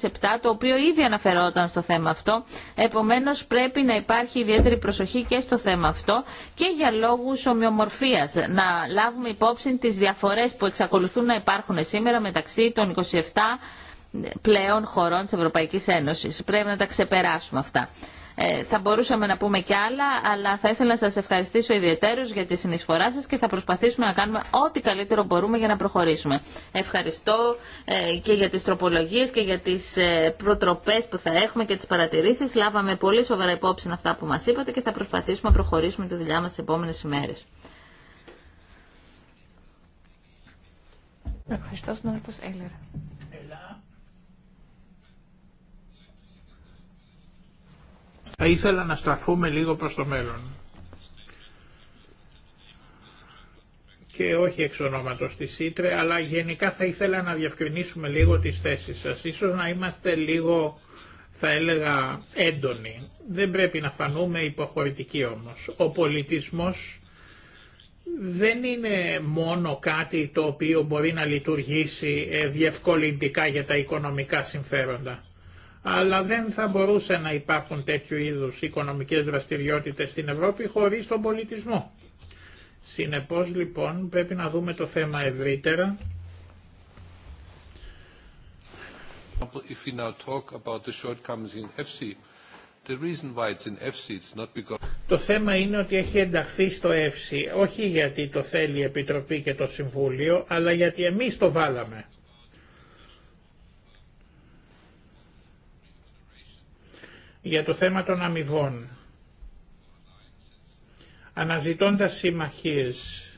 2007 το οποίο ήδη αναφερόταν στο θέμα αυτό, επομένως πρέπει να υπάρχει ιδιαίτερη προσοχή και στο θέμα αυτό και για λόγους ομοιομορφίας, να λάβουμε υπόψη τις διαφορές που εξακολουθούν να υπάρχουν σήμερα μεταξύ των 27 πλέον χωρών της Ευρωπαϊκής Ένωσης. Πρέπει να τα ξεπεράσουμε αυτά. Ε, θα μπορούσαμε να πούμε κι άλλα, αλλά θα ήθελα να σας ευχαριστήσω ιδιαίτερως για τη συνεισφορά σας και θα προσπαθήσουμε να κάνουμε ό,τι καλύτερο μπορούμε για να προχωρήσουμε. Ευχαριστώ ε, και για τις τροπολογίες και για τις ε, προτροπές που θα έχουμε και τις παρατηρήσεις. Λάβαμε πολύ σοβαρά υπόψη αυτά που μας είπατε και θα προσπαθήσουμε να προχωρήσουμε τη δουλειά μας τις επόμενες ημέρες. Θα ήθελα να στραφούμε λίγο προς το μέλλον. και όχι εξ ονόματος της Ήτρε, αλλά γενικά θα ήθελα να διευκρινίσουμε λίγο τις θέσεις σας. Ίσως να είμαστε λίγο, θα έλεγα, έντονοι. Δεν πρέπει να φανούμε υποχωρητικοί όμως. Ο πολιτισμός δεν είναι μόνο κάτι το οποίο μπορεί να λειτουργήσει ε, διευκολυντικά για τα οικονομικά συμφέροντα αλλά δεν θα μπορούσε να υπάρχουν τέτοιου είδους οικονομικές δραστηριότητες στην Ευρώπη χωρίς τον πολιτισμό. Συνεπώς λοιπόν πρέπει να δούμε το θέμα ευρύτερα. Το θέμα είναι ότι έχει ενταχθεί στο FC, όχι γιατί το θέλει η Επιτροπή και το Συμβούλιο, αλλά γιατί εμείς το βάλαμε. για το θέμα των αμοιβών. Αναζητώντας συμμαχίες,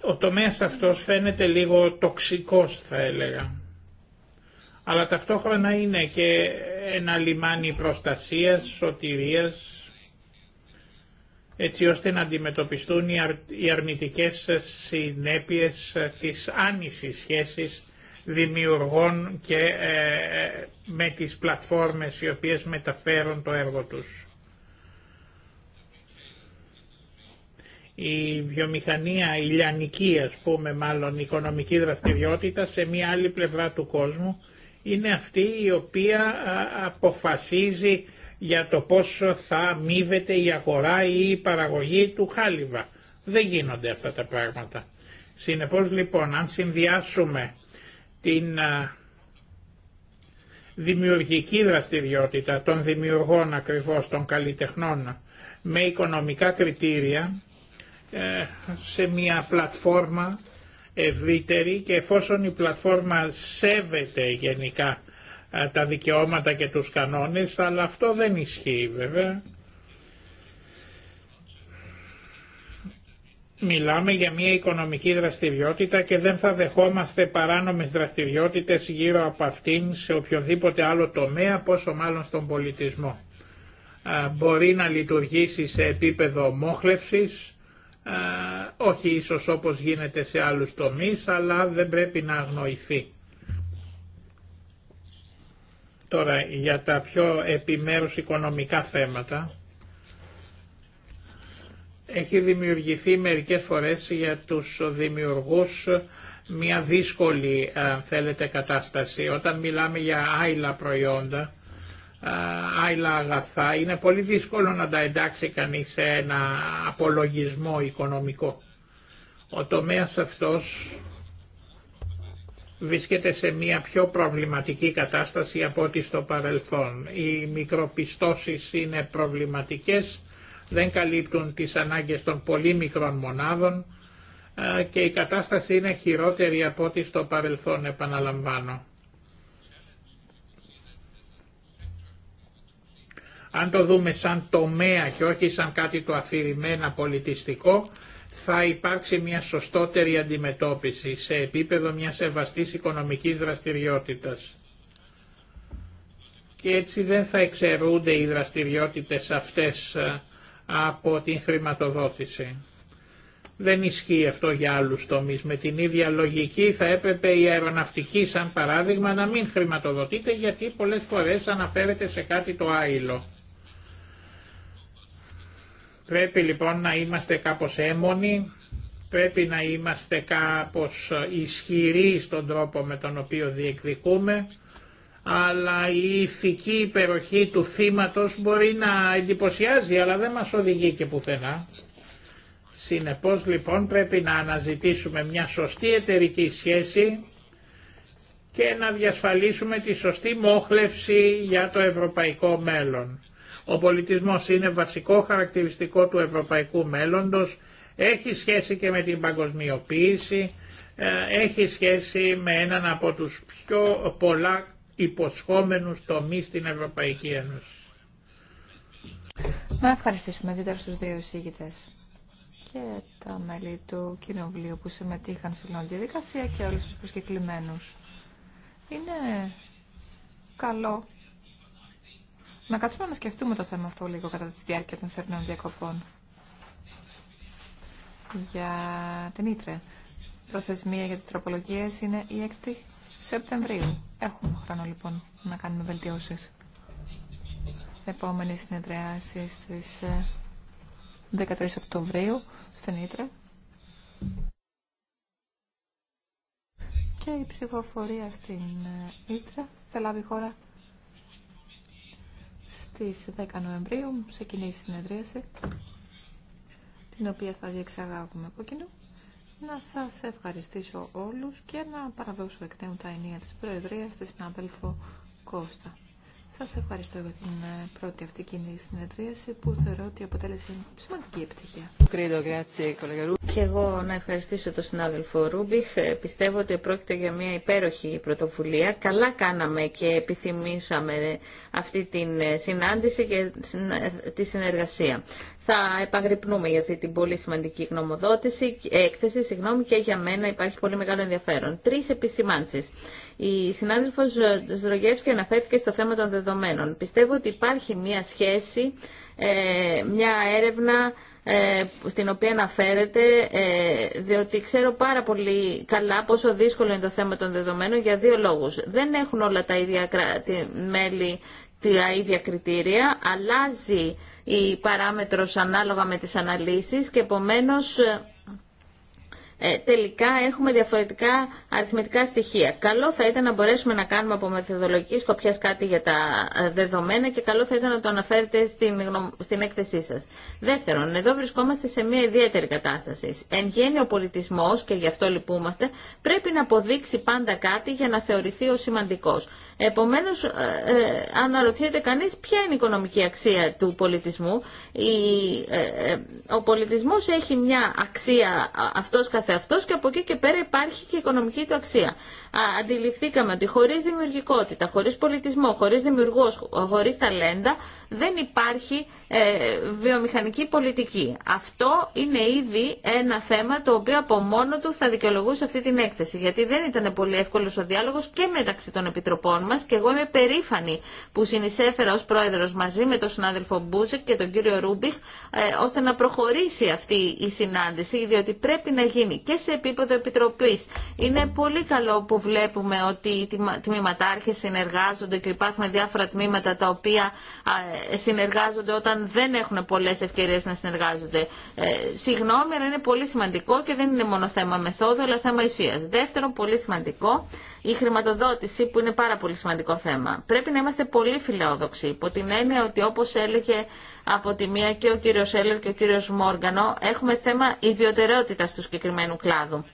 ο τομέας αυτός φαίνεται λίγο τοξικός θα έλεγα. Αλλά ταυτόχρονα είναι και ένα λιμάνι προστασίας, σωτηρίας, έτσι ώστε να αντιμετωπιστούν οι αρνητικές συνέπειες της άνησης σχέσης δημιουργών και ε, με τις πλατφόρμες οι οποίες μεταφέρουν το έργο τους. η βιομηχανία, ηλιανική ας πούμε μάλλον οικονομική δραστηριότητα σε μια άλλη πλευρά του κόσμου είναι αυτή η οποία αποφασίζει για το πόσο θα αμείβεται η αγορά ή η παραγωγή του χάλιβα. Δεν γίνονται αυτά τα πράγματα. Συνεπώς λοιπόν αν συνδυάσουμε την δημιουργική δραστηριότητα των δημιουργών ακριβώς, των καλλιτεχνών με οικονομικά κριτήρια ε, σε μια πλατφόρμα ευρύτερη και εφόσον η πλατφόρμα σέβεται γενικά τα δικαιώματα και τους κανόνες, αλλά αυτό δεν ισχύει βέβαια. Μιλάμε για μια οικονομική δραστηριότητα και δεν θα δεχόμαστε παράνομες δραστηριότητες γύρω από αυτήν σε οποιοδήποτε άλλο τομέα, πόσο μάλλον στον πολιτισμό. Μπορεί να λειτουργήσει σε επίπεδο μόχλευσης, όχι ίσως όπως γίνεται σε άλλους τομείς, αλλά δεν πρέπει να αγνοηθεί. Τώρα για τα πιο επιμέρους οικονομικά θέματα έχει δημιουργηθεί μερικές φορές για τους δημιουργούς μια δύσκολη αν θέλετε κατάσταση. Όταν μιλάμε για άειλα προϊόντα, άειλα αγαθά, είναι πολύ δύσκολο να τα εντάξει κανείς σε ένα απολογισμό οικονομικό. Ο τομέας αυτός βρίσκεται σε μια πιο προβληματική κατάσταση από ό,τι στο παρελθόν. Οι μικροπιστώσεις είναι προβληματικές δεν καλύπτουν τις ανάγκες των πολύ μικρών μονάδων ε, και η κατάσταση είναι χειρότερη από ό,τι στο παρελθόν επαναλαμβάνω. Αν το δούμε σαν τομέα και όχι σαν κάτι το αφηρημένα πολιτιστικό, θα υπάρξει μια σωστότερη αντιμετώπιση σε επίπεδο μιας σεβαστής οικονομικής δραστηριότητας. Και έτσι δεν θα εξαιρούνται οι δραστηριότητες αυτές ε, από την χρηματοδότηση. Δεν ισχύει αυτό για άλλους τομείς. Με την ίδια λογική θα έπρεπε η αεροναυτική σαν παράδειγμα να μην χρηματοδοτείται γιατί πολλές φορές αναφέρεται σε κάτι το άειλο. Πρέπει λοιπόν να είμαστε κάπως έμονοι, πρέπει να είμαστε κάπως ισχυροί στον τρόπο με τον οποίο διεκδικούμε αλλά η ηθική υπεροχή του θύματος μπορεί να εντυπωσιάζει, αλλά δεν μας οδηγεί και πουθενά. Συνεπώς λοιπόν πρέπει να αναζητήσουμε μια σωστή εταιρική σχέση και να διασφαλίσουμε τη σωστή μόχλευση για το ευρωπαϊκό μέλλον. Ο πολιτισμός είναι βασικό χαρακτηριστικό του ευρωπαϊκού μέλλοντος, έχει σχέση και με την παγκοσμιοποίηση, ε, έχει σχέση με έναν από τους πιο πολλά υποσχόμενους τομεί στην Ευρωπαϊκή Ένωση. Να ευχαριστήσουμε ιδιαίτερα στους δύο εισήγητες και τα μέλη του Κοινοβουλίου που συμμετείχαν σε όλη τη διαδικασία και όλους τους προσκεκλημένους. Είναι καλό να κάτσουμε να σκεφτούμε το θέμα αυτό λίγο κατά τη διάρκεια των θερινών διακοπών. Για την Ήτρε. Προθεσμία για τις τροπολογίες είναι η έκτη Σεπτεμβρίου. Έχουμε χρόνο λοιπόν να κάνουμε βελτιώσεις. Επόμενη συνεδριάση στις 13 ε, Οκτωβρίου στην Ήτρα. Και η ψηφοφορία στην ε, Ήτρα θα λάβει χώρα στις 10 Νοεμβρίου σε κοινή συνεδρίαση την οποία θα διεξαγάγουμε από κοινού να σας ευχαριστήσω όλους και να παραδώσω εκ νέου τα ενία της Προεδρίας στη συνάδελφο Κώστα. Σας ευχαριστώ για την ε, πρώτη αυτή κοινή συνεδρίαση που θεωρώ ότι αποτέλεσε σημαντική επιτυχία. Και εγώ να ευχαριστήσω τον συνάδελφο Ρούμπιχ. Ε, πιστεύω ότι πρόκειται για μια υπέροχη πρωτοβουλία. Καλά κάναμε και επιθυμήσαμε αυτή την ε, συνάντηση και τη συνεργασία θα επαγρυπνούμε για αυτή την πολύ σημαντική γνωμοδότηση, έκθεση συγγνώμη, και για μένα υπάρχει πολύ μεγάλο ενδιαφέρον. Τρει επισημάνσει. Η συνάδελφο Ζρογεύσκη αναφέρθηκε στο θέμα των δεδομένων. Πιστεύω ότι υπάρχει μια σχέση, ε, μια έρευνα ε, στην οποία αναφέρεται, ε, διότι ξέρω πάρα πολύ καλά πόσο δύσκολο είναι το θέμα των δεδομένων για δύο λόγους. Δεν έχουν όλα τα ίδια μέλη τα ίδια κριτήρια, αλλάζει η παράμετρος ανάλογα με τις αναλύσεις και επομένως ε, ε, τελικά έχουμε διαφορετικά αριθμητικά στοιχεία. Καλό θα ήταν να μπορέσουμε να κάνουμε από μεθοδολογική σκοπιά κάτι για τα ε, δεδομένα και καλό θα ήταν να το αναφέρετε στην, στην έκθεσή σας. Δεύτερον, εδώ βρισκόμαστε σε μια ιδιαίτερη κατάσταση. Εν γένει ο πολιτισμό, και γι' αυτό λυπούμαστε, πρέπει να αποδείξει πάντα κάτι για να θεωρηθεί ο σημαντικό. Επομένως, ε, ε, αναρωτιέται κανείς ποια είναι η οικονομική αξία του πολιτισμού. Η, ε, ε, ο πολιτισμός έχει μια αξία αυτός καθεαυτός και από εκεί και πέρα υπάρχει και η οικονομική του αξία αντιληφθήκαμε ότι χωρίς δημιουργικότητα, χωρίς πολιτισμό, χωρίς δημιουργός, χωρίς ταλέντα δεν υπάρχει ε, βιομηχανική πολιτική. Αυτό είναι ήδη ένα θέμα το οποίο από μόνο του θα δικαιολογούσε αυτή την έκθεση γιατί δεν ήταν πολύ εύκολο ο διάλογος και μεταξύ των επιτροπών μας και εγώ είμαι περήφανη που συνεισέφερα ως πρόεδρος μαζί με τον συνάδελφο Μπούσεκ και τον κύριο Ρούμπιχ ε, ώστε να προχωρήσει αυτή η συνάντηση διότι πρέπει να γίνει και σε επίπεδο επιτροπή. Είναι πολύ καλό βλέπουμε ότι οι τμήματάρχες συνεργάζονται και υπάρχουν διάφορα τμήματα τα οποία συνεργάζονται όταν δεν έχουν πολλές ευκαιρίες να συνεργάζονται. Ε, συγγνώμη, αλλά είναι πολύ σημαντικό και δεν είναι μόνο θέμα μεθόδου, αλλά θέμα ισίας. Δεύτερον, πολύ σημαντικό, η χρηματοδότηση που είναι πάρα πολύ σημαντικό θέμα. Πρέπει να είμαστε πολύ φιλόδοξοι, υπό την έννοια ότι όπως έλεγε από τη μία και ο κύριος Έλλερ και ο κύριος Μόργανο, έχουμε θέμα ιδιωτερότητα του συγκεκριμένου κλάδου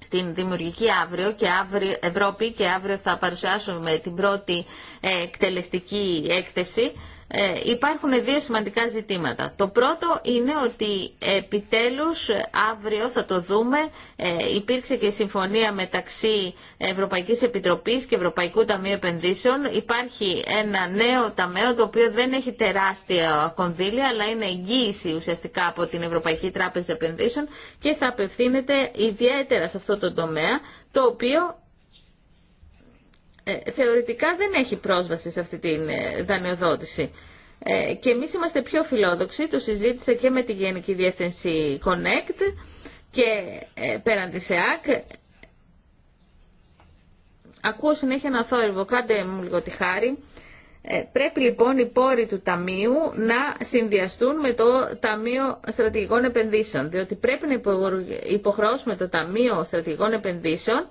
στην Δημιουργική αύριο και αύριο, Ευρώπη και αύριο θα παρουσιάσουμε την πρώτη ε, εκτελεστική έκθεση ε, υπάρχουν δύο σημαντικά ζητήματα. Το πρώτο είναι ότι επιτέλους αύριο θα το δούμε, ε, υπήρξε και συμφωνία μεταξύ Ευρωπαϊκής Επιτροπής και Ευρωπαϊκού Ταμείου Επενδύσεων. Υπάρχει ένα νέο ταμείο το οποίο δεν έχει τεράστια κονδύλια αλλά είναι εγγύηση ουσιαστικά από την Ευρωπαϊκή Τράπεζα Επενδύσεων και θα απευθύνεται ιδιαίτερα σε αυτό το τομέα το οποίο ε, θεωρητικά δεν έχει πρόσβαση σε αυτή τη ε, δανειοδότηση. Ε, και εμείς είμαστε πιο φιλόδοξοι, το συζήτησα και με τη Γενική Διεύθυνση Connect και πέραν της ΕΑΚ. Ακούω συνέχεια ένα θόρυβο, κάντε μου λίγο τη χάρη. Πρέπει λοιπόν οι πόροι του Ταμείου να συνδυαστούν με το Ταμείο Στρατηγικών Επενδύσεων, διότι πρέπει να υποχρεώσουμε το Ταμείο Στρατηγικών Επενδύσεων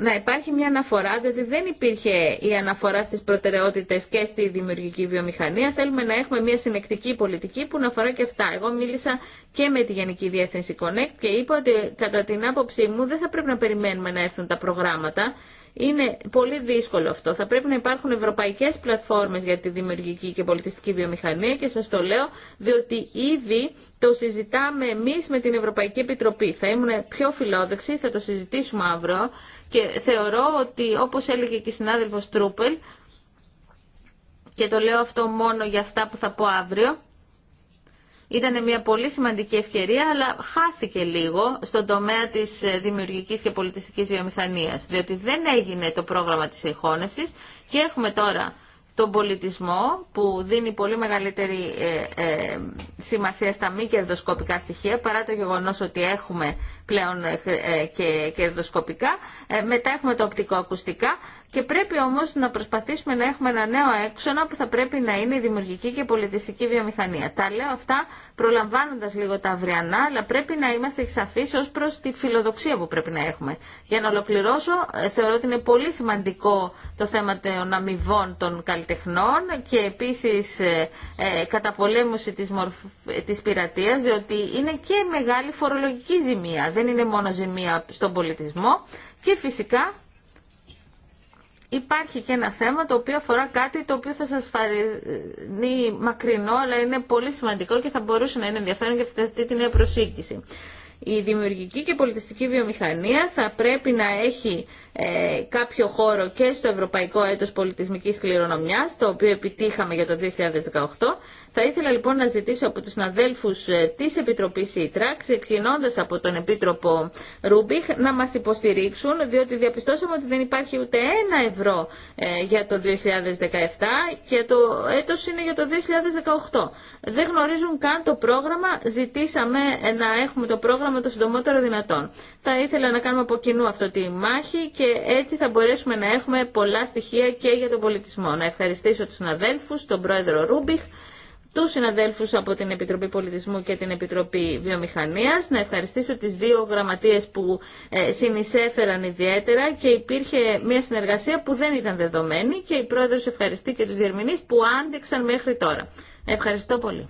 να υπάρχει μια αναφορά, διότι δεν υπήρχε η αναφορά στις προτεραιότητες και στη δημιουργική βιομηχανία. Θέλουμε να έχουμε μια συνεκτική πολιτική που να αφορά και αυτά. Εγώ μίλησα και με τη Γενική Διεύθυνση Connect και είπα ότι κατά την άποψή μου δεν θα πρέπει να περιμένουμε να έρθουν τα προγράμματα. Είναι πολύ δύσκολο αυτό. Θα πρέπει να υπάρχουν ευρωπαϊκές πλατφόρμες για τη δημιουργική και πολιτιστική βιομηχανία και σας το λέω διότι ήδη το συζητάμε εμείς με την Ευρωπαϊκή Επιτροπή. Θα ήμουν πιο φιλόδοξη, θα το συζητήσουμε αύριο και θεωρώ ότι όπως έλεγε και η συνάδελφος Τρούπελ και το λέω αυτό μόνο για αυτά που θα πω αύριο ήταν μια πολύ σημαντική ευκαιρία, αλλά χάθηκε λίγο στον τομέα της ε, δημιουργική και πολιτιστικής βιομηχανία, διότι δεν έγινε το πρόγραμμα της εγχώνευσης και έχουμε τώρα τον πολιτισμό που δίνει πολύ μεγαλύτερη ε, ε, σημασία στα μη κερδοσκοπικά στοιχεία παρά το γεγονός ότι έχουμε πλέον ε, και κερδοσκοπικά. μετά έχουμε το ακουστικά. Και πρέπει όμως να προσπαθήσουμε να έχουμε ένα νέο έξονα που θα πρέπει να είναι η δημιουργική και πολιτιστική βιομηχανία. Τα λέω αυτά προλαμβάνοντας λίγο τα αυριανά, αλλά πρέπει να είμαστε εξαφείς ως προς τη φιλοδοξία που πρέπει να έχουμε. Για να ολοκληρώσω, ε, θεωρώ ότι είναι πολύ σημαντικό το θέμα των αμοιβών των καλλιτεχνών και επίσης ε, ε καταπολέμωση της, μορφ... της πειρατείας, διότι είναι και μεγάλη φορολογική ζημία. Δεν είναι μόνο ζημία στον πολιτισμό και φυσικά υπάρχει και ένα θέμα το οποίο αφορά κάτι το οποίο θα σας φανεί μακρινό, αλλά είναι πολύ σημαντικό και θα μπορούσε να είναι ενδιαφέρον για αυτή τη νέα προσήκηση. Η δημιουργική και πολιτιστική βιομηχανία θα πρέπει να έχει ε, κάποιο χώρο και στο Ευρωπαϊκό Έτος Πολιτισμικής Κληρονομιάς, το οποίο επιτύχαμε για το 2018, θα ήθελα λοιπόν να ζητήσω από τους συναδέλφους ε, της Επιτροπής Ήτρα, ξεκινώντας από τον Επίτροπο Ρούμπιχ, να μας υποστηρίξουν, διότι διαπιστώσαμε ότι δεν υπάρχει ούτε ένα ευρώ ε, για το 2017 και το έτος είναι για το 2018. Δεν γνωρίζουν καν το πρόγραμμα, ζητήσαμε ε, να έχουμε το πρόγραμμα το συντομότερο δυνατόν. Θα ήθελα να κάνουμε από κοινού αυτή τη μάχη και έτσι θα μπορέσουμε να έχουμε πολλά στοιχεία και για τον πολιτισμό. Να ευχαριστήσω τους συναδέλφους, τον πρόεδρο Ρούμπιχ, τους συναδέλφου από την Επιτροπή Πολιτισμού και την Επιτροπή Βιομηχανίας, να ευχαριστήσω τις δύο γραμματείες που ε, συνεισέφεραν ιδιαίτερα και υπήρχε μια συνεργασία που δεν ήταν δεδομένη και η Πρόεδρος ευχαριστεί και τους διερμηνεί που άντεξαν μέχρι τώρα. Ευχαριστώ πολύ.